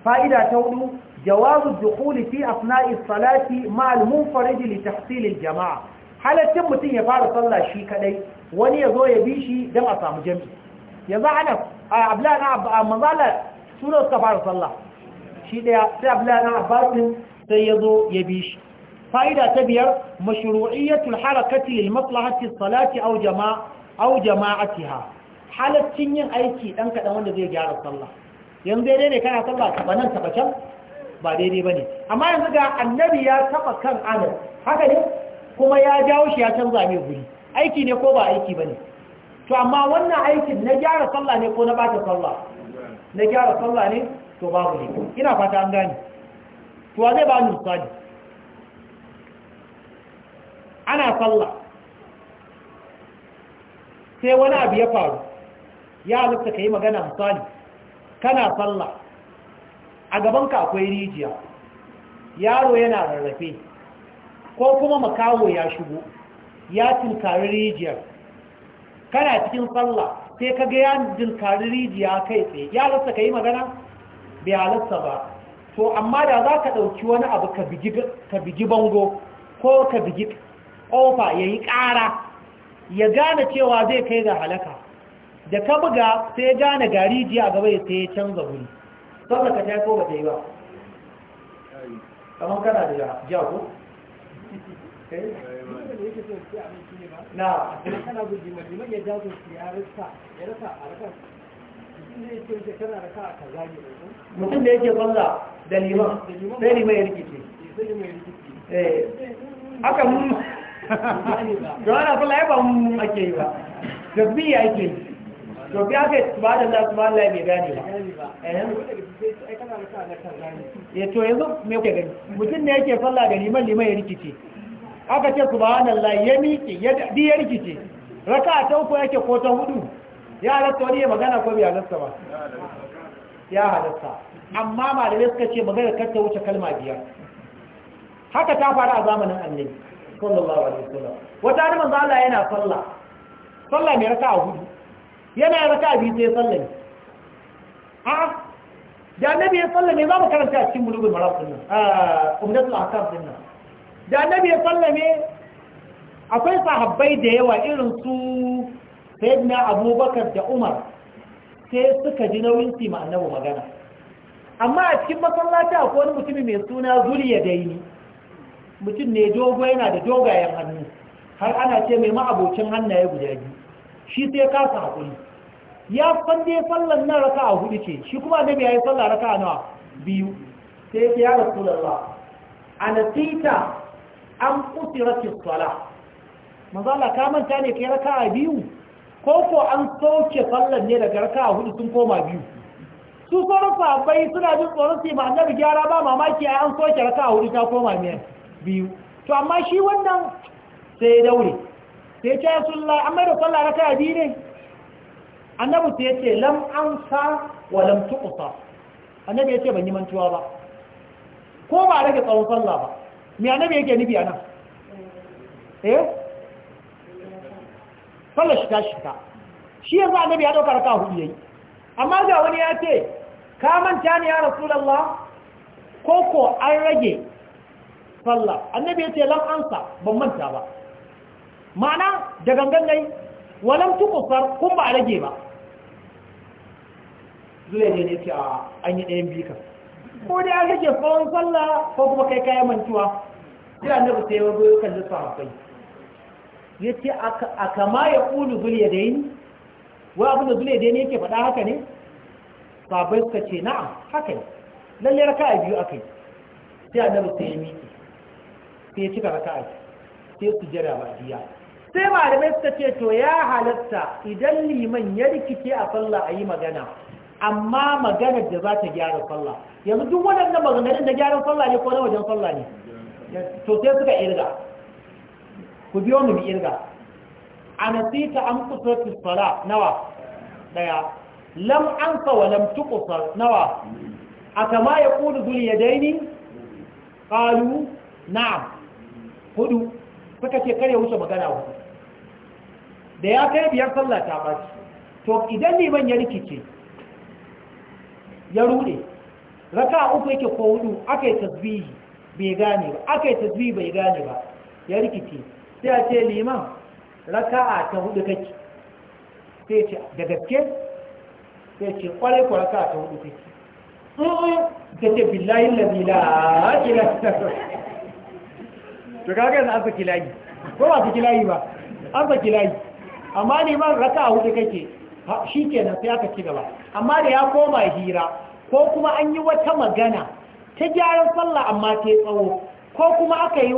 fa'ida ta hudu jawazu dukhuli fi asna'i salati ma'al munfarid li tahsilil jama'a halattun mutum ya fara sallah shi kadai wani ya zo ya bi shi don a samu jami yanzu ana abla na manzala suna suka fara sallah shi daya sai abla a basin sai ya zo ya bi shi fa'ida ta biyar mashru'iyyatul harakati lil maslahati salati aw jama'a aw jama'atiha yin aiki dan kadan wanda zai gyara sallah yanzu daidai ne kana sallah ka banan ta bacan ba daidai bane amma yanzu ga annabi ya taba kan anas haka ne kuma ya jawo shi ya canza mai guri aiki ne ko ba aiki ba ne to amma wannan aikin na gyara sallah ne ko na bata sallah na gyara sallah ne to babu ne ina fata an gani to zai ba ni misali ana sallah sai wani abu ya faru ya halitta ka yi magana misali kana sallah a gabanka akwai rijiya yaro yana rarrafe ko kuma makawo ya shigo ya tunkari rijiyar kana cikin sallah sai kaga ya tunkari rijiya kai tsaye ya lasta ka yi magana bai halasta ba to amma da za ka ɗauki wani abu ka bigi bango ko ka bigi ƙofa ya yi ƙara ya gane cewa zai kai ga halaka da ka buga sai ya gane ga rijiya gaba ya sai ya canza wuri sannan ka ta ba ta yi ba kamar kana da jago mutum ya da yake falla da liman eh, sai liman ya rikice eh. aka mun da wani ya ba mun ake yi ba gabi ya ake yi gabi aka yi ba da Allah kuma Allah bai gane ba ya eh. to yanzu mai gani mutum da yake falla da liman liman ya rikice aka ce subhanallah ya miƙe ya dadi ya rikice raka ta uku yake ko ta hudu ya halatta wani ya magana ko bai halatta ba ya halatta amma malamai suka ce magana kar ta wuce kalma biyar haka ta faru a zamanin annabi sallallahu alaihi wasallam wata ne manzo Allah yana sallah sallah mai raka hudu yana raka biyu sai ne a da annabi ya salla me za mu karanta a cikin bulugul maram nan a ah, umdatul ahkam din nan da annabi ya sallame akwai sahabbai da yawa irin su sayyidina abubakar da umar sai suka ji nauyin ma annabi magana amma a cikin masallaci akwai wani mutumi mai suna zuriya daini mutum ne dogo yana da dogayen hannu har ana ce mai ma'abocin hannaye guda biyu shi sai kasa haƙuri ya fande sallan nan raka a hudu ce shi kuma annabi ya yi sallah raka nawa biyu sai ya rasu da a an kutira sala mazala ka manta ne kai a biyu ko ko an soke sallar ne daga a hudu sun koma biyu su sauran sahabbai suna jin tsoron su yi annabi gyara ba mamaki a an soke a hudu ta koma biyu to amma shi wannan sai ya daure sai ce rasulullah an mai da sallah raka'a biyu ne annabi sai ya ce lam ansa wa lam tuqsa annabi ya ce ban yi mantuwa ba ko ba rage tsawon sallah ba me annabi yake nufi anan eh sallar shi ta shi ta shi yanzu annabi ya dauka raka hudu yayi amma ga wani ya ce ka manta ni ya rasulullah koko an rage sallah annabi ya ce lam ansa ban manta ba ma'ana da gangan dai walam tukusar kun ba a rage ba zai ne ne ce a an yi ɗayan bikan. ko dai an rage tsawon sallah ko kuma kai kayan mantuwa sai annabi sai ya goyo kalli sahabbai ya ce a kama ya ƙulu zul ya dai wa abin da zul ya dai ne yake faɗa haka ne sahabbai suka ce na'am haka ne lallai raka a biyu aka yi sai annabi sai ya miki sai ya cika raka a sai su jira ba biya sai malamai suka ce to ya halatta idan liman ya rikice a sallah a yi magana amma maganar da za ta gyara sallah yanzu duk waɗannan maganganun da gyaran sallah ne ko na wajen sallah ne to sai suka irga ku biyo mu mu irga a nasita an kusurci sala nawa daya lam an wa lam tuqsar nawa akama yaqulu ya daini qalu na'am hudu suka ce kare wuce magana hudu da ya kai biyar sallah ta baci to idan liman ya rikice ya rude raka uku yake ko hudu aka yi tasbihi bai gane ba aka yi tasbih bai gane ba ya rikice sai a ce liman raka'a ta hudu kake sai ce da gaske sai ce kwarai ku raka'a ta hudu kake ta ce billahi lazi la ila to kaga yanzu an saki layi ko ba saki layi ba an saki layi amma liman raka'a hudu kake shi kenan sai aka ci gaba amma da ya koma hira ko kuma an yi wata magana ta gyaran sallah amma ta tsawo ko kuma aka yi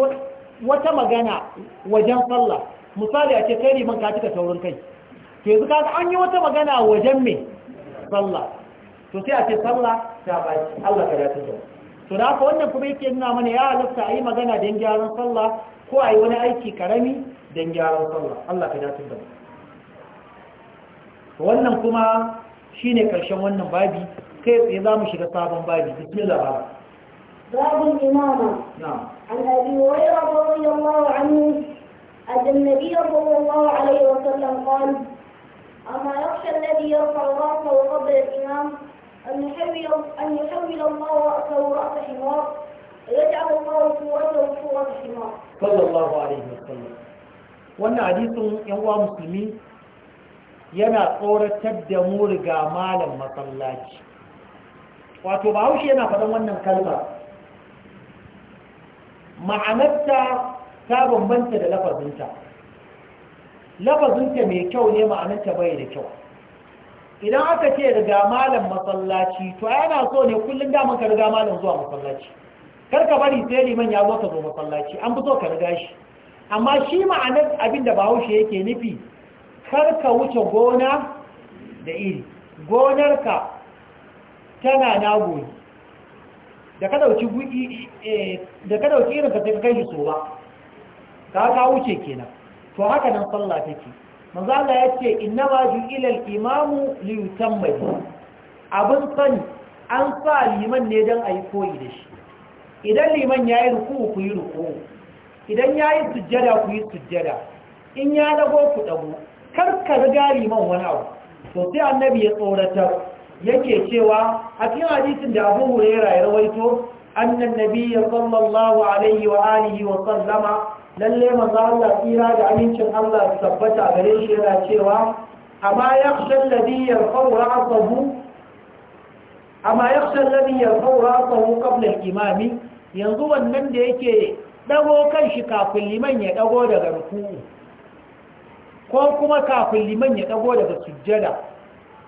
wata magana wajen sallah misali a ce kai liman ka cika saurin kai to zuka kaga an yi wata magana wajen me sallah to sai a ce sallah ta baci Allah ka dace da to da haka wannan kuma yake nuna mana ya halatta a yi magana don gyaran sallah ko a yi wani aiki karami don gyaran sallah Allah ka dace da wannan kuma shine karshen wannan babi kai tsaye za mu shiga sabon babi bismillah باب الإمامة نعم عن أبي هريرة رضي الله عنه أن النبي صلى الله عليه وسلم قال أما يخشى الذي يرفع رأسه قبل الإمام أن يحول أن يحول الله رأسه رأس حمار ويجعل الله صورته صورة حمار صلى الله عليه وسلم وأن حديث yan مسلمين musulmi yana tsoratar da mu riga malam masallaci wato bahaushe yana faɗan wannan kalmar ma'anarta ta bambanta da lafazinta lafazinta mai kyau ne ma'anarta bai da kyau idan aka ce riga malam masallaci to yana so ne kullum damar ka riga malam zuwa masallaci kar ka bari sai liman ya zo ka zo masallaci an fi so ka riga shi amma shi ma'anar abin da bahaushe yake nufi kar ka wuce gona da iri gonarka tana nagoyi da ka dauki irin e, ka sai ka kai su ba ka ka wuce kenan to haka nan sallah take manzo Allah ya ce inna ma ila al-imamu li yutamma abin sani an sa liman ne dan a koyi da shi idan liman ya ruku ku yi ruku idan yayi sujjada ku yi sujjada in ya dago ku dago kar ka riga liman wani abu to sai annabi ya tsoratar yake cewa a cikin hadisin da abu huraira ya rawaito annan nabiyyi sallallahu alaihi wa alihi wa sallama lalle manzo Allah tsira da amincin Allah su tabbata gare shi yana cewa amma yakhsha alladhi yarfa'u ra'sahu amma yakhsha alladhi yarfa'u ra'sahu qabla al-imam yanzu wannan da yake dago kan shi kafin liman ya dago daga ruku ko kuma kafin liman ya dago daga sujjada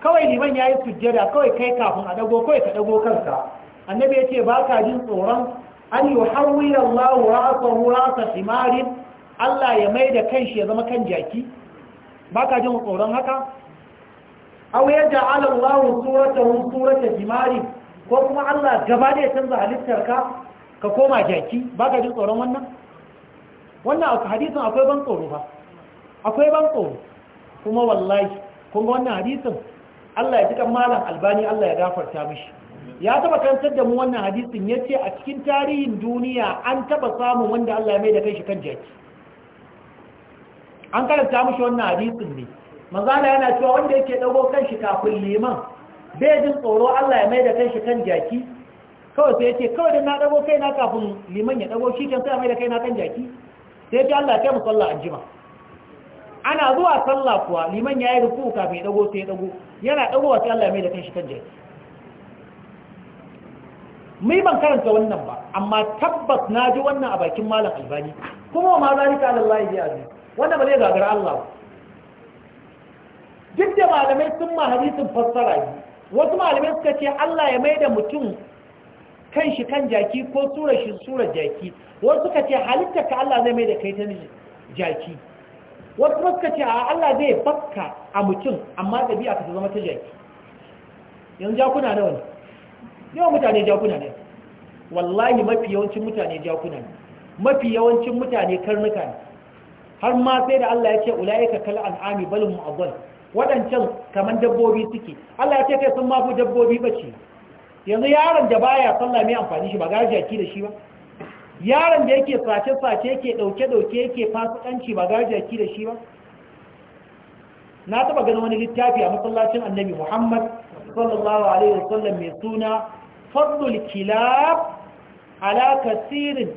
kawai liman ya yi sujjada kawai kai kafin a dago kawai ka dago kanka annabi ya ce ba ka jin tsoron an yi harwira Allah ra'asahu ra'asa simarin Allah ya mai da kanshi ya zama kan jaki ba ka jin tsoron haka aw ya ja'ala Allah suratahu surata simarin ko kuma Allah gaba da ya canza halittar ka ka koma jaki ba ka jin tsoron wannan wannan a hadisin akwai ban tsoro ba akwai ban tsoro kuma wallahi kun ga wannan hadisin Allah ya jikan malam albani Allah ya gafarta mishi ya taba kantar da mu wannan hadisin ya ce a cikin tarihin duniya an taba samun wanda Allah ya mai da kai shi kan jaki an karanta mishi wannan hadisin ne manzala yana cewa wanda yake dago kan shi kafin liman bai jin tsoro Allah ya mai da kai shi kan jaki kawai sai yace kawai na dago na kafin liman ya dago shi kan sai mai da kai na kan jaki sai ya ce Allah ya kai mu sallah anjima ana zuwa sallah kuwa liman ya yi ruku kafin ya dago sai ya dago yana dago sai Allah mai da kanshi kan jai mai ban karanta wannan ba amma tabbas na ji wannan a bakin malam albani kuma ma zalika alallahi ya aziz wannan ba zai gagara Allah duk da malamai sun ma hadisin fassara yi wasu malamai suka ce Allah ya mai da mutum kan shi kan jaki ko surar shi surar jaki wasu suka ce halitta ka Allah zai mai da kai ta jaki wasu suka ce a Allah zai fakka a mutum amma ɗabi'a ta zama ta jaki yanzu jakuna nawa ne yawan mutane jakuna ne wallahi mafi yawancin mutane jakuna ne mafi yawancin mutane karnuka ne har ma sai da Allah ya ce ulaika kal an'ami bal hum adall wadancan kaman dabbobi suke Allah ya ce kai sun mafi dabbobi bace yanzu yaron da baya sallah mai amfani shi ba ga jaki da shi ba yaron da yake sace-sace yake ɗauke-ɗauke yake fasikanci ba ki da shi ba na taba ganin wani littafi a masallacin annabi muhammad sallallahu alaihi wasallam mai suna fadlul kilab ala kasirin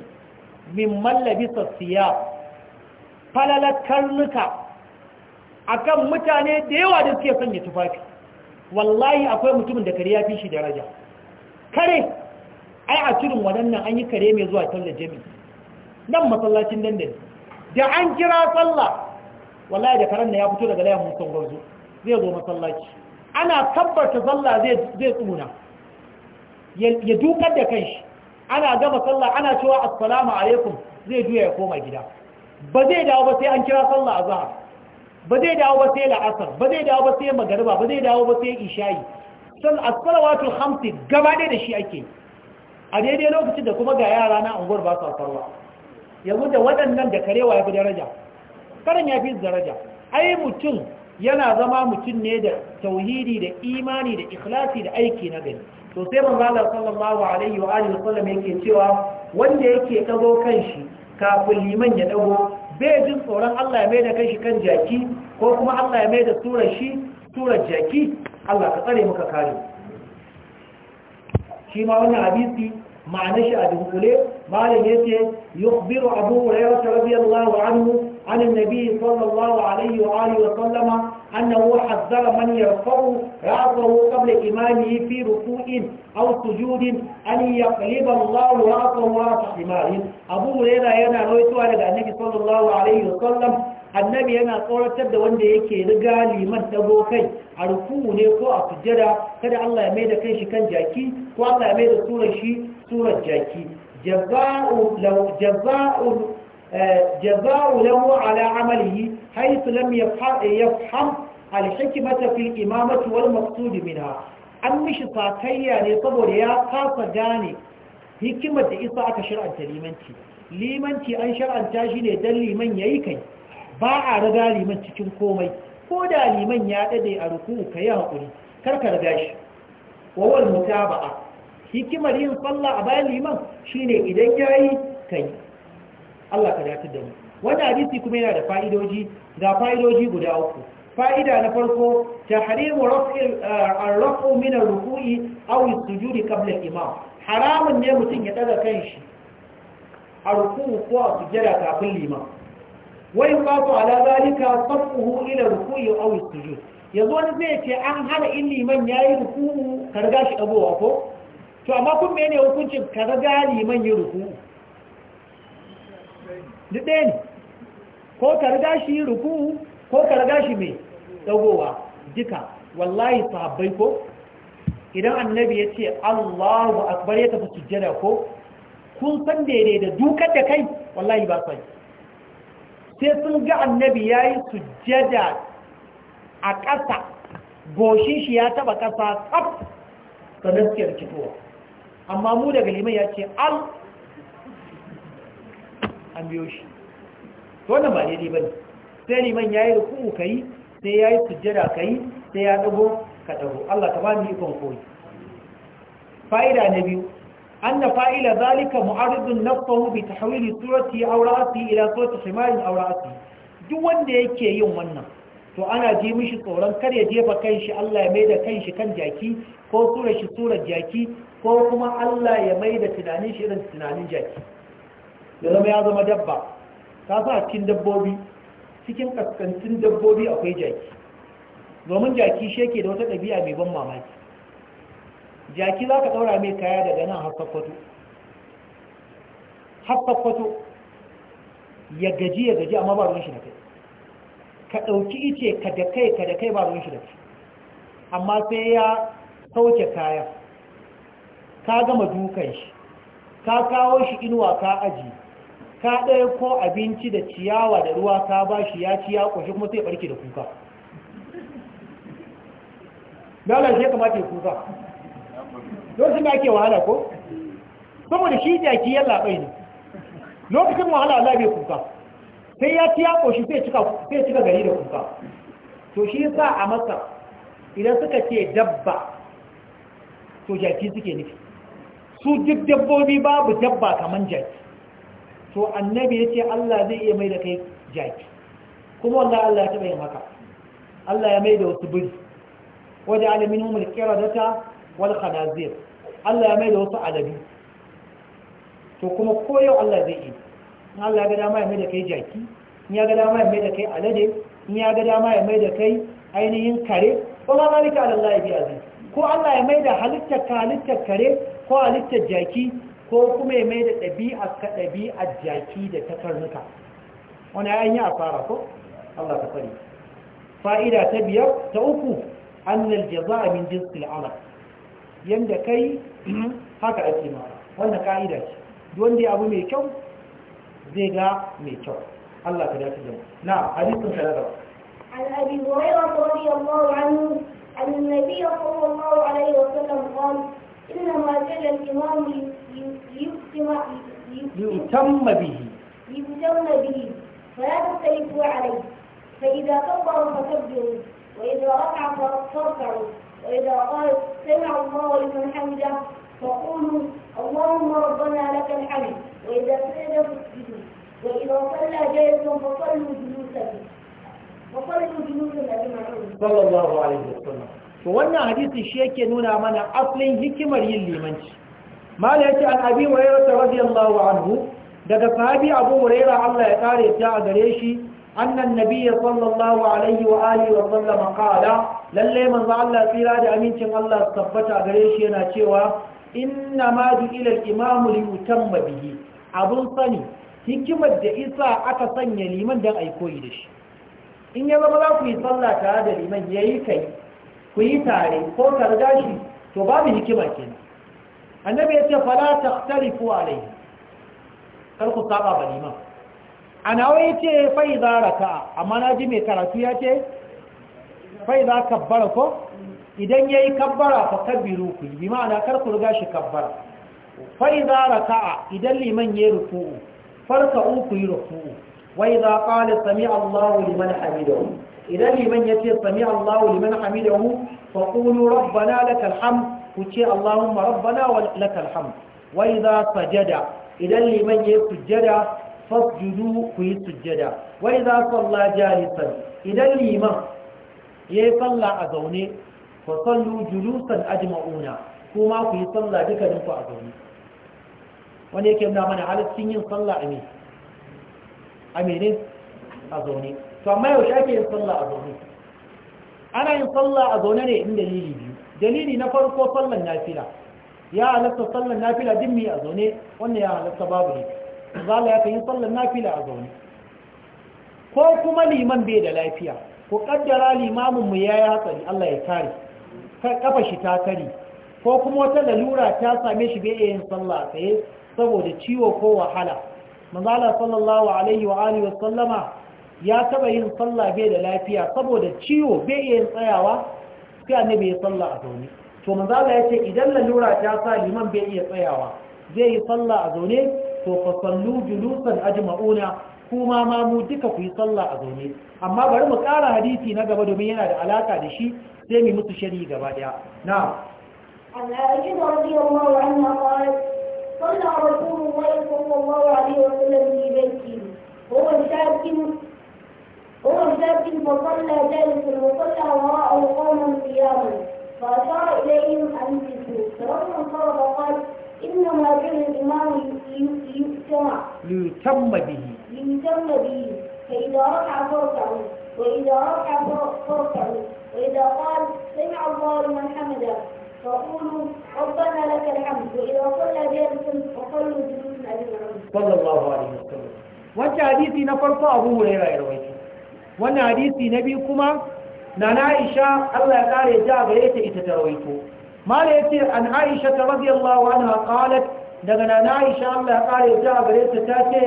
min mallabi sassiya. falalar karnuka akan mutane da yawa da suke sanya tufafi wallahi akwai mutumin da kare ya fi shi daraja kare ai a cirin waɗannan an yi kare mai zuwa sallar Jami. nan masallacin dandali da an kira sallah wallahi da karen da ya fito daga layan musan gwarzo zai zo masallaci ana tabbata sallah zai tsuna ya dukar da kanshi ana gama sallah ana cewa assalamu alaikum zai juya ya koma gida ba zai dawo ba sai an kira sallah a zahar ba zai dawo ba sai la'asar ba zai dawo ba sai magariba ba zai dawo ba sai isha'i sallah as-salawatul khamsi gaba da shi ake yi a daidai lokacin da kuma ga yara na unguwar ba su asarwa yanzu da waɗannan da karewa ya fi daraja karan ya fi daraja ai mutum yana zama mutum ne da tauhidi da imani da ikhlasi da aiki na gani to sai manzo Allah sallallahu alaihi wa alihi wasallam yake cewa wanda yake dago kanshi kafin liman ya dago bai jin tsoron Allah ya mai da kanshi kan jaki ko kuma Allah ya mai da surar shi surar jaki Allah ka tsare maka kare shi ma wannan hadisi ma'anar shi a dunkule malam ya ce yukhbiru abu hurairah radiyallahu anhu an annabi sallallahu alaihi wa alihi wa sallama أنه حذر من يرفع رأسه قبل إمامه في ركوع أو سجود أن يقلب الله رأسه رأس حمار أبو هريرة ينا رويتها لدى النبي صلى الله عليه وسلم annabi yana tsoratar da wanda yake riga liman dago kai a ruku ne ko a sujjada kada Allah ya maida kai kan jaki ko Allah ya shi jaki جزاء له على عمله حيث لم يفهم الحكمة في الإمامة والمقصود منها an mishi sakayya ne saboda ya kasa gane hikimar da isa aka shar'anta limanci limanci an shar'anta shi ne don liman ya yi kai ba a raga liman cikin komai ko da liman ya ɗade a ruku ka yi kar ka raga shi wawal mutaba'a hikimar yin sallah a bayan liman shine idan ya yi kai Allah ka dace da mu wannan hadisi kuma yana da fa'idoji ga fa'idoji guda uku fa'ida na farko tahrimu raf'il eh, ar-raf'u min ar-ruku'i aw as sujud qabla al-imam haramun ne mutum ya daga kanshi a ruku'u ko a kafin liman wai ba ku ala zalika safuhu ila ruku'i aw as-sujud yanzu wani zai ce an hana in liman yayi ruku'u ka riga shi abuwa ko to amma kun mene hukuncin ka riga liman yi ruku'u duk ne ko ka riga shi ruku ko ka riga shi mai ɗagowa, duka wallahi sahabbai ko idan annabi ya ce Allahu akbar ya tafi sujjada ko kun san daidai da dukar da kai wallahi ba sai sai sun ga annabi yayi sujjada a ƙasa goshin shi ya taɓa ƙasa tsaf da naskiyar amma mu daga liman ya ce al an biyo shi to wannan ba daidai bane sai liman ya yayi ruku'u yi sai yayi sujjada yi sai ya dago ka ɗago Allah ta bani ikon koyi fa'ida na biyu anna fa'ila zalika mu'aridun nafsahu bi tahwili surati aw ra'si ila surati shimalin aure ra'si duk wanda yake yin wannan to ana ji mishi tsoron kar ya jefa kanshi Allah ya maida kanshi kan jaki ko sura shi surar jaki ko kuma Allah ya maida tunanin shi irin tunanin jaki ya zama ya zama dabba ta sa cikin dabbobi cikin kaskantun dabbobi akwai jaki domin jaki shi yake da wata ɗabi'a mai ban mamaki jaki za ka ɗaura mai kaya daga nan har sakkwato ya gaji ya gaji amma ba ruwan shi da kai ka ɗauki ice ka da kai ka da kai ba ruwan shi da kai amma sai ya sauke kaya ka gama dukan shi ka kawo shi inuwa ka aji ka ɗaya ko abinci da ciyawa da ruwa ta ba shi ya ci ya ƙunshi kuma sai ɓarke da kuka dala shi ya kamata ya kuka don da ake wahala ko saboda shi jaki ya labai ne lokacin wahala Allah bai kuka sai ya ci ya ƙunshi sai cika gari da kuka to shi sa a masa idan suka ce dabba to jaki suke nufi su duk dabbobi babu dabba kaman jaki to annabi ya ce Allah zai iya mai da kai jaki kuma wallahi Allah ya taɓa yin haka Allah ya mai da wasu biri waje alamin humul kiradata wal khanazir Allah ya mai da wasu alabi to kuma ko yau Allah zai yi in Allah ya ga dama ya mai da kai jaki in ya ga dama ya mai da kai alade in ya ga dama ya mai da kai ainihin kare ko ma malika Allah ya biya zai ko Allah ya mai da halittar ka halittar kare ko halittar jaki ko kuma ya mai da ɗabi'ar ka ɗabi'ar jaki da ta karnuka wani ya yi asara ko Allah ka sani fa'ida ta biyar ta uku annal jaza'a min jinsil amal yanda kai haka ake ma wannan ka'ida ce wanda abu mai kyau zai ga mai kyau Allah ka dace da mu na hadisin ka daga an abi hurairah radiyallahu anhu an nabiy sallallahu alaihi ليؤتم به ليؤتم به فلا تختلفوا عليه فإذا كبروا فكبروا وإذا ركع فاركعوا وإذا قال سمع الله لمن حمده فقولوا اللهم ربنا لك الحمد وإذا سجد فاسجدوا وإذا صلى جالسا فصلوا جلوسا فصلوا جلوسا صلى الله عليه وسلم وأنا حديث الشيخ نونا yake nuna mana asalin hikimar mala yake alabi abi hurairah radiyallahu anhu daga sahabi abu hurairah Allah ya kare ta a gare shi annan nabiyya sallallahu alaihi wa alihi wa sallama qala lalle manzo Allah tsira da amincin Allah tabbata a gare shi yana cewa inna ma ju'ila al-imamu li yutamma bihi abun sani hikimar da isa aka sanya liman don aiko koyi da shi in ya zama za ku yi sallah tare da liman ya yi kai ku yi tare ko tarda shi to babu hikima kenan annabi ya ce fala takhtalifu alayhi kar ku saba ba liman ana wai ce fa idza raka amma na ji mai karatu ya ce fa idza kabbara ko idan ya yi kabbara fa kabbiru ku bi ma'ana kar ku riga shi kabbara fa idza raka idan liman yayi ruku'u farka ku yi ruku'u wa idza qala sami Allahu liman hamidahu idan liman ya ce sami Allahu liman hamidahu fa qulu rabbana lakal hamd ku ce Allahumma rabbana wa lakal hamd wa idza sajada idan liman ya sujjada fasjudu ku yi sujjada wa idza salla jalisan idan liman ya yi salla a zaune ku sallu julusan ajma'una kuma ku yi salla duka ku a zaune wanda yake nuna mana halittun yin salla a me a mene a zaune to amma yaushe ake yin salla a zaune ana yin salla a zaune ne in dalili biyu dalili na farko sallan nafila ya halatta sallan nafila din mi a zaune wannan ya halatta babu ne zala ya kayi sallan nafila a zaune ko kuma liman bai da lafiya Ku kaddara limamin mu ya yayi hatsari Allah ya kare kafa shi ta kare ko kuma wata lalura ta same shi bai yin sallah tsaye saboda ciwo ko wahala manzo Allah sallallahu alaihi wa alihi wa sallama ya taba yin sallah bai da lafiya saboda ciwo bai yin tsayawa sai annabi ya salla a zaune to manzo Allah ya ce idan lalura ta sa liman bai iya tsayawa zai yi salla a zaune to fa sallu julusan ajma'una kuma ma mu duka ku yi salla a zaune amma bari mu ƙara hadisi na gaba domin yana da alaka da shi sai mu musu shari'i gaba daya na'am عن عائشة رضي الله عنها قالت صلى رسول الله صلى الله عليه وسلم في بيته وهو ساكن هو في المصلى جالس المصلى وراءه قوم قياما فأشار إليهم أن يجلسوا فلما انصرف قال إنما جعل الإمام ليجتمع ليتم به ليتم به فإذا ركع فاركعوا وإذا ركع فاركعوا وإذا قال سمع الله لمن حمده فقولوا ربنا لك الحمد وإذا صلى جالسا فصلوا جلوسا أجمعون صلى الله عليه وسلم وانت حديثي نفر أبو هريرة يروي wannan hadisi na biyu kuma na Aisha Allah ya kare ta gare ta ita ta rawaito mala yace an Aisha ta radiyallahu anha qalat daga na Aisha Allah ya kare ta gare ta ta ce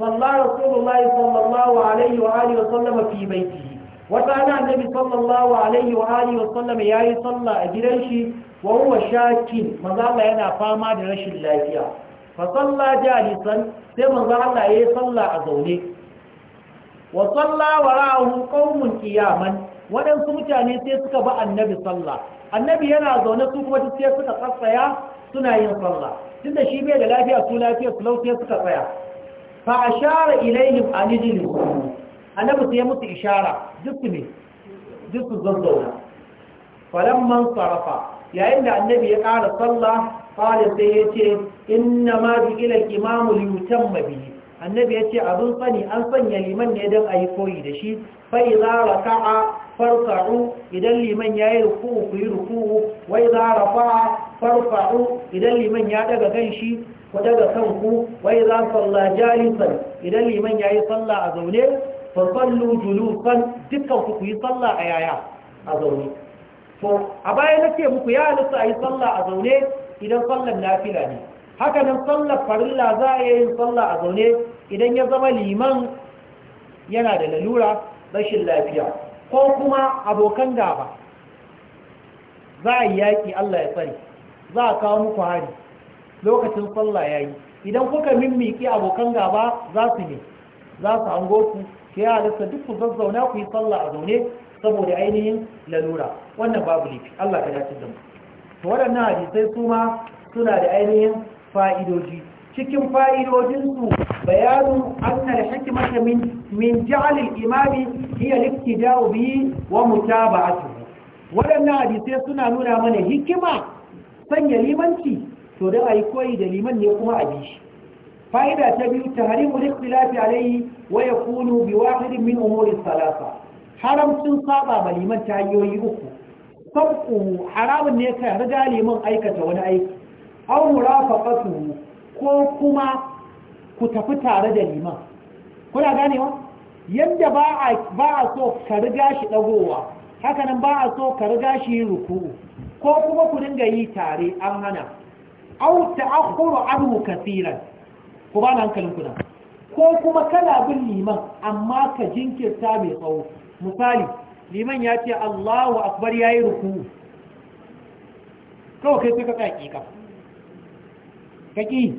wallahi rasulullahi sallallahu alaihi wa alihi wa sallama fi baitihi wata ana annabi sallallahu alaihi wa alihi wa sallama yayi sallah a gidan shi wa huwa shakin manzo Allah yana fama da rashin lafiya fa salla jalisan sai manzo Allah yayi sallah a zaune wa salla wara'ahu qaumun waɗansu mutane sai suka ba annabi sallah annabi yana zaune su kuma sai suka tsatsaya suna yin sallah tunda shi bai da lafiya su lafiya su lau sai suka tsaya fa ashara ilaihim anijil annabi sai ya musu ishara duk ne duk zazzauna falamman sarafa yayin da annabi ya ƙara sallah qala sai yace inna ma bi ila imamu liyutamma bihi annabi ya ce abin sani an sanya liman ne don a yi koyi da shi fa'i za a raka'a farfa'u idan liman ya yi ruku'u ku yi ruku'u wai za a rafa'a farfa'u idan liman ya daga kan shi ku daga kanku wai za a salla jalisan idan liman ya yi salla a zaune fasallu julusan dukkan ku ku yi salla a yaya a zaune a baya na muku ya halitta a yi sallah a zaune idan na nafila ne haka nan sallar farilla za a yin sallah a zaune idan ya zama liman yana da lalura rashin lafiya ko kuma abokan gaba za a yi yaƙi Allah ya tsari za a kawo muku hari lokacin sallah ya yi idan kuka mimmiki abokan gaba za su ne za su hango ku ke halitta duk ku zazzauna ku yi sallah a zaune saboda ainihin lalura wannan babu laifi Allah ka dace da mu to waɗannan hadisai su ma suna da ainihin fa'idoji cikin fa'idojinsu bayanin annar hikimata min ja'alil imami iya da dawo biyi wa mutaba'atu waɗannan hadisai suna nuna mana hikima sanya limanci to don a yi koyi da liman ne kuma a shi. fa'ida ta biyu ta harimu lifilafi alayhi wa ya kunu bi wahidin min umurin salasa haramcin saba ma liman ta hanyoyi uku Sabu haramun ne ka riga liman aikata wani aiki aw murafaqatuhu ko kuma ku tafi tare da liman kuna ganewa yadda ba a so ka riga shi ɗagowa, hakanan ba a so ka riga shi ruku'u ko kuma ku dinga yi tare an hana aw ta'akhkuru anhu kaseeran ku ba hankalin kuna ko kuma kana bin liman amma ka jinkirta mai tsawo misali liman ya ce Allahu akbar yayi ruku'u kawai kai ka tsaki kafa kaki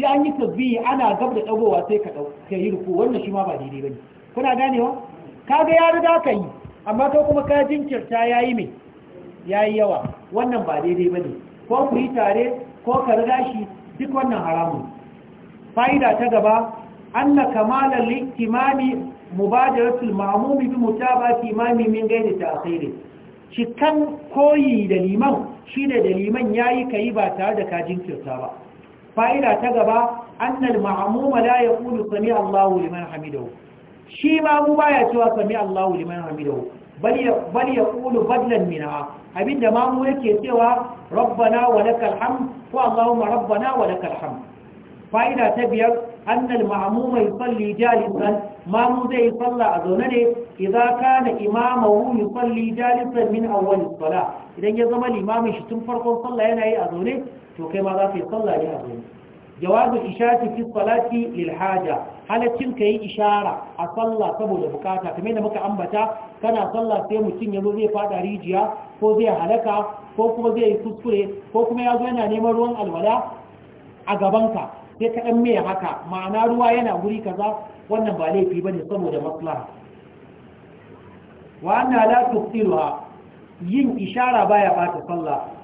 sai an yi tasbihi ana gab da dagowa sai ka dau sai yi ruku wannan shi ma ba daidai bane kuna ganewa kaga ya riga ka yi amma to kuma ka jinkirta yayi ya yayi yawa wannan ba daidai bane ko ku yi tare ko ka riga shi duk wannan haramun fa'ida ta gaba anna kamalar likimami mubadaratul ma'amumi bi mutabati imami min ta ta'khiri cikan koyi da liman shine da liman yayi kai ba tare da ka jinkirta ba fa'ida ta gaba annal ma'amuma la yaqulu sami Allahu liman hamidahu shi ma mu baya cewa sami Allahu liman hamidahu bal yaqulu badlan minha abinda mamu mu yake cewa rabbana wa lakal hamd ko ma rabbana wa lakal hamd fa'ida ta biyar annal ma'amuma yusalli jalisan ma mu zai falla a zaune ne idan kana imamahu yusalli jalisan min awwal salah idan ya zama limamin shi tun farkon falla yana yi a zaune to kai ma za ka yi sallah ne a gurin jawazul ishati fi salati ilhaja haja halaccin yi ishara a sallah saboda bukata kamar da muka ambata kana sallah sai mutum yazo zai fada rijiya ko zai halaka ko kuma zai yi kuskure ko kuma zo yana neman ruwan alwala a gabanka sai ka dan mai haka ma'ana ruwa yana wuri kaza wannan ba laifi ba ne saboda maslaha wa anna la tuqtiruha yin ishara baya bata sallah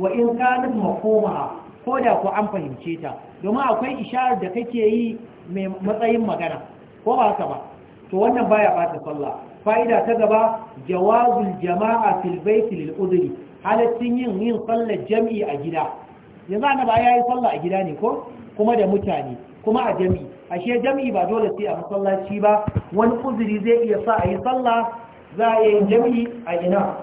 wa in kanat mafhumaha ko da ku an fahimce ta domin akwai isharar da kake yi mai matsayin magana ko ba haka ba to wannan baya bata sallah fa'ida ta gaba jawazul jama'a fil baiti lil udri halattun yin yin sallar jami'i a gida yanzu annabi ya yi sallah a gida ne ko kuma da mutane kuma a jami'i ashe jami'i ba dole sai a masallaci ba wani uzuri zai iya sa a yi sallah za a yi jami'i a ina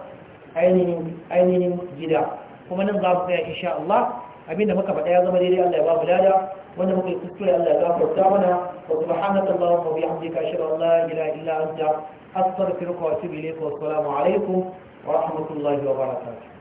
ainihin gida kuma nan za mu tsaya insha Allah abinda muka faɗa ya zama daidai Allah ya ba mu lada wanda muka yi kuskure Allah ya gafarta mana wa subhanaka allahumma wa bihamdika ashhadu an la ilaha illa anta astaghfiruka wa atubu ilayka wa assalamu alaikum wa rahmatullahi wa barakatuh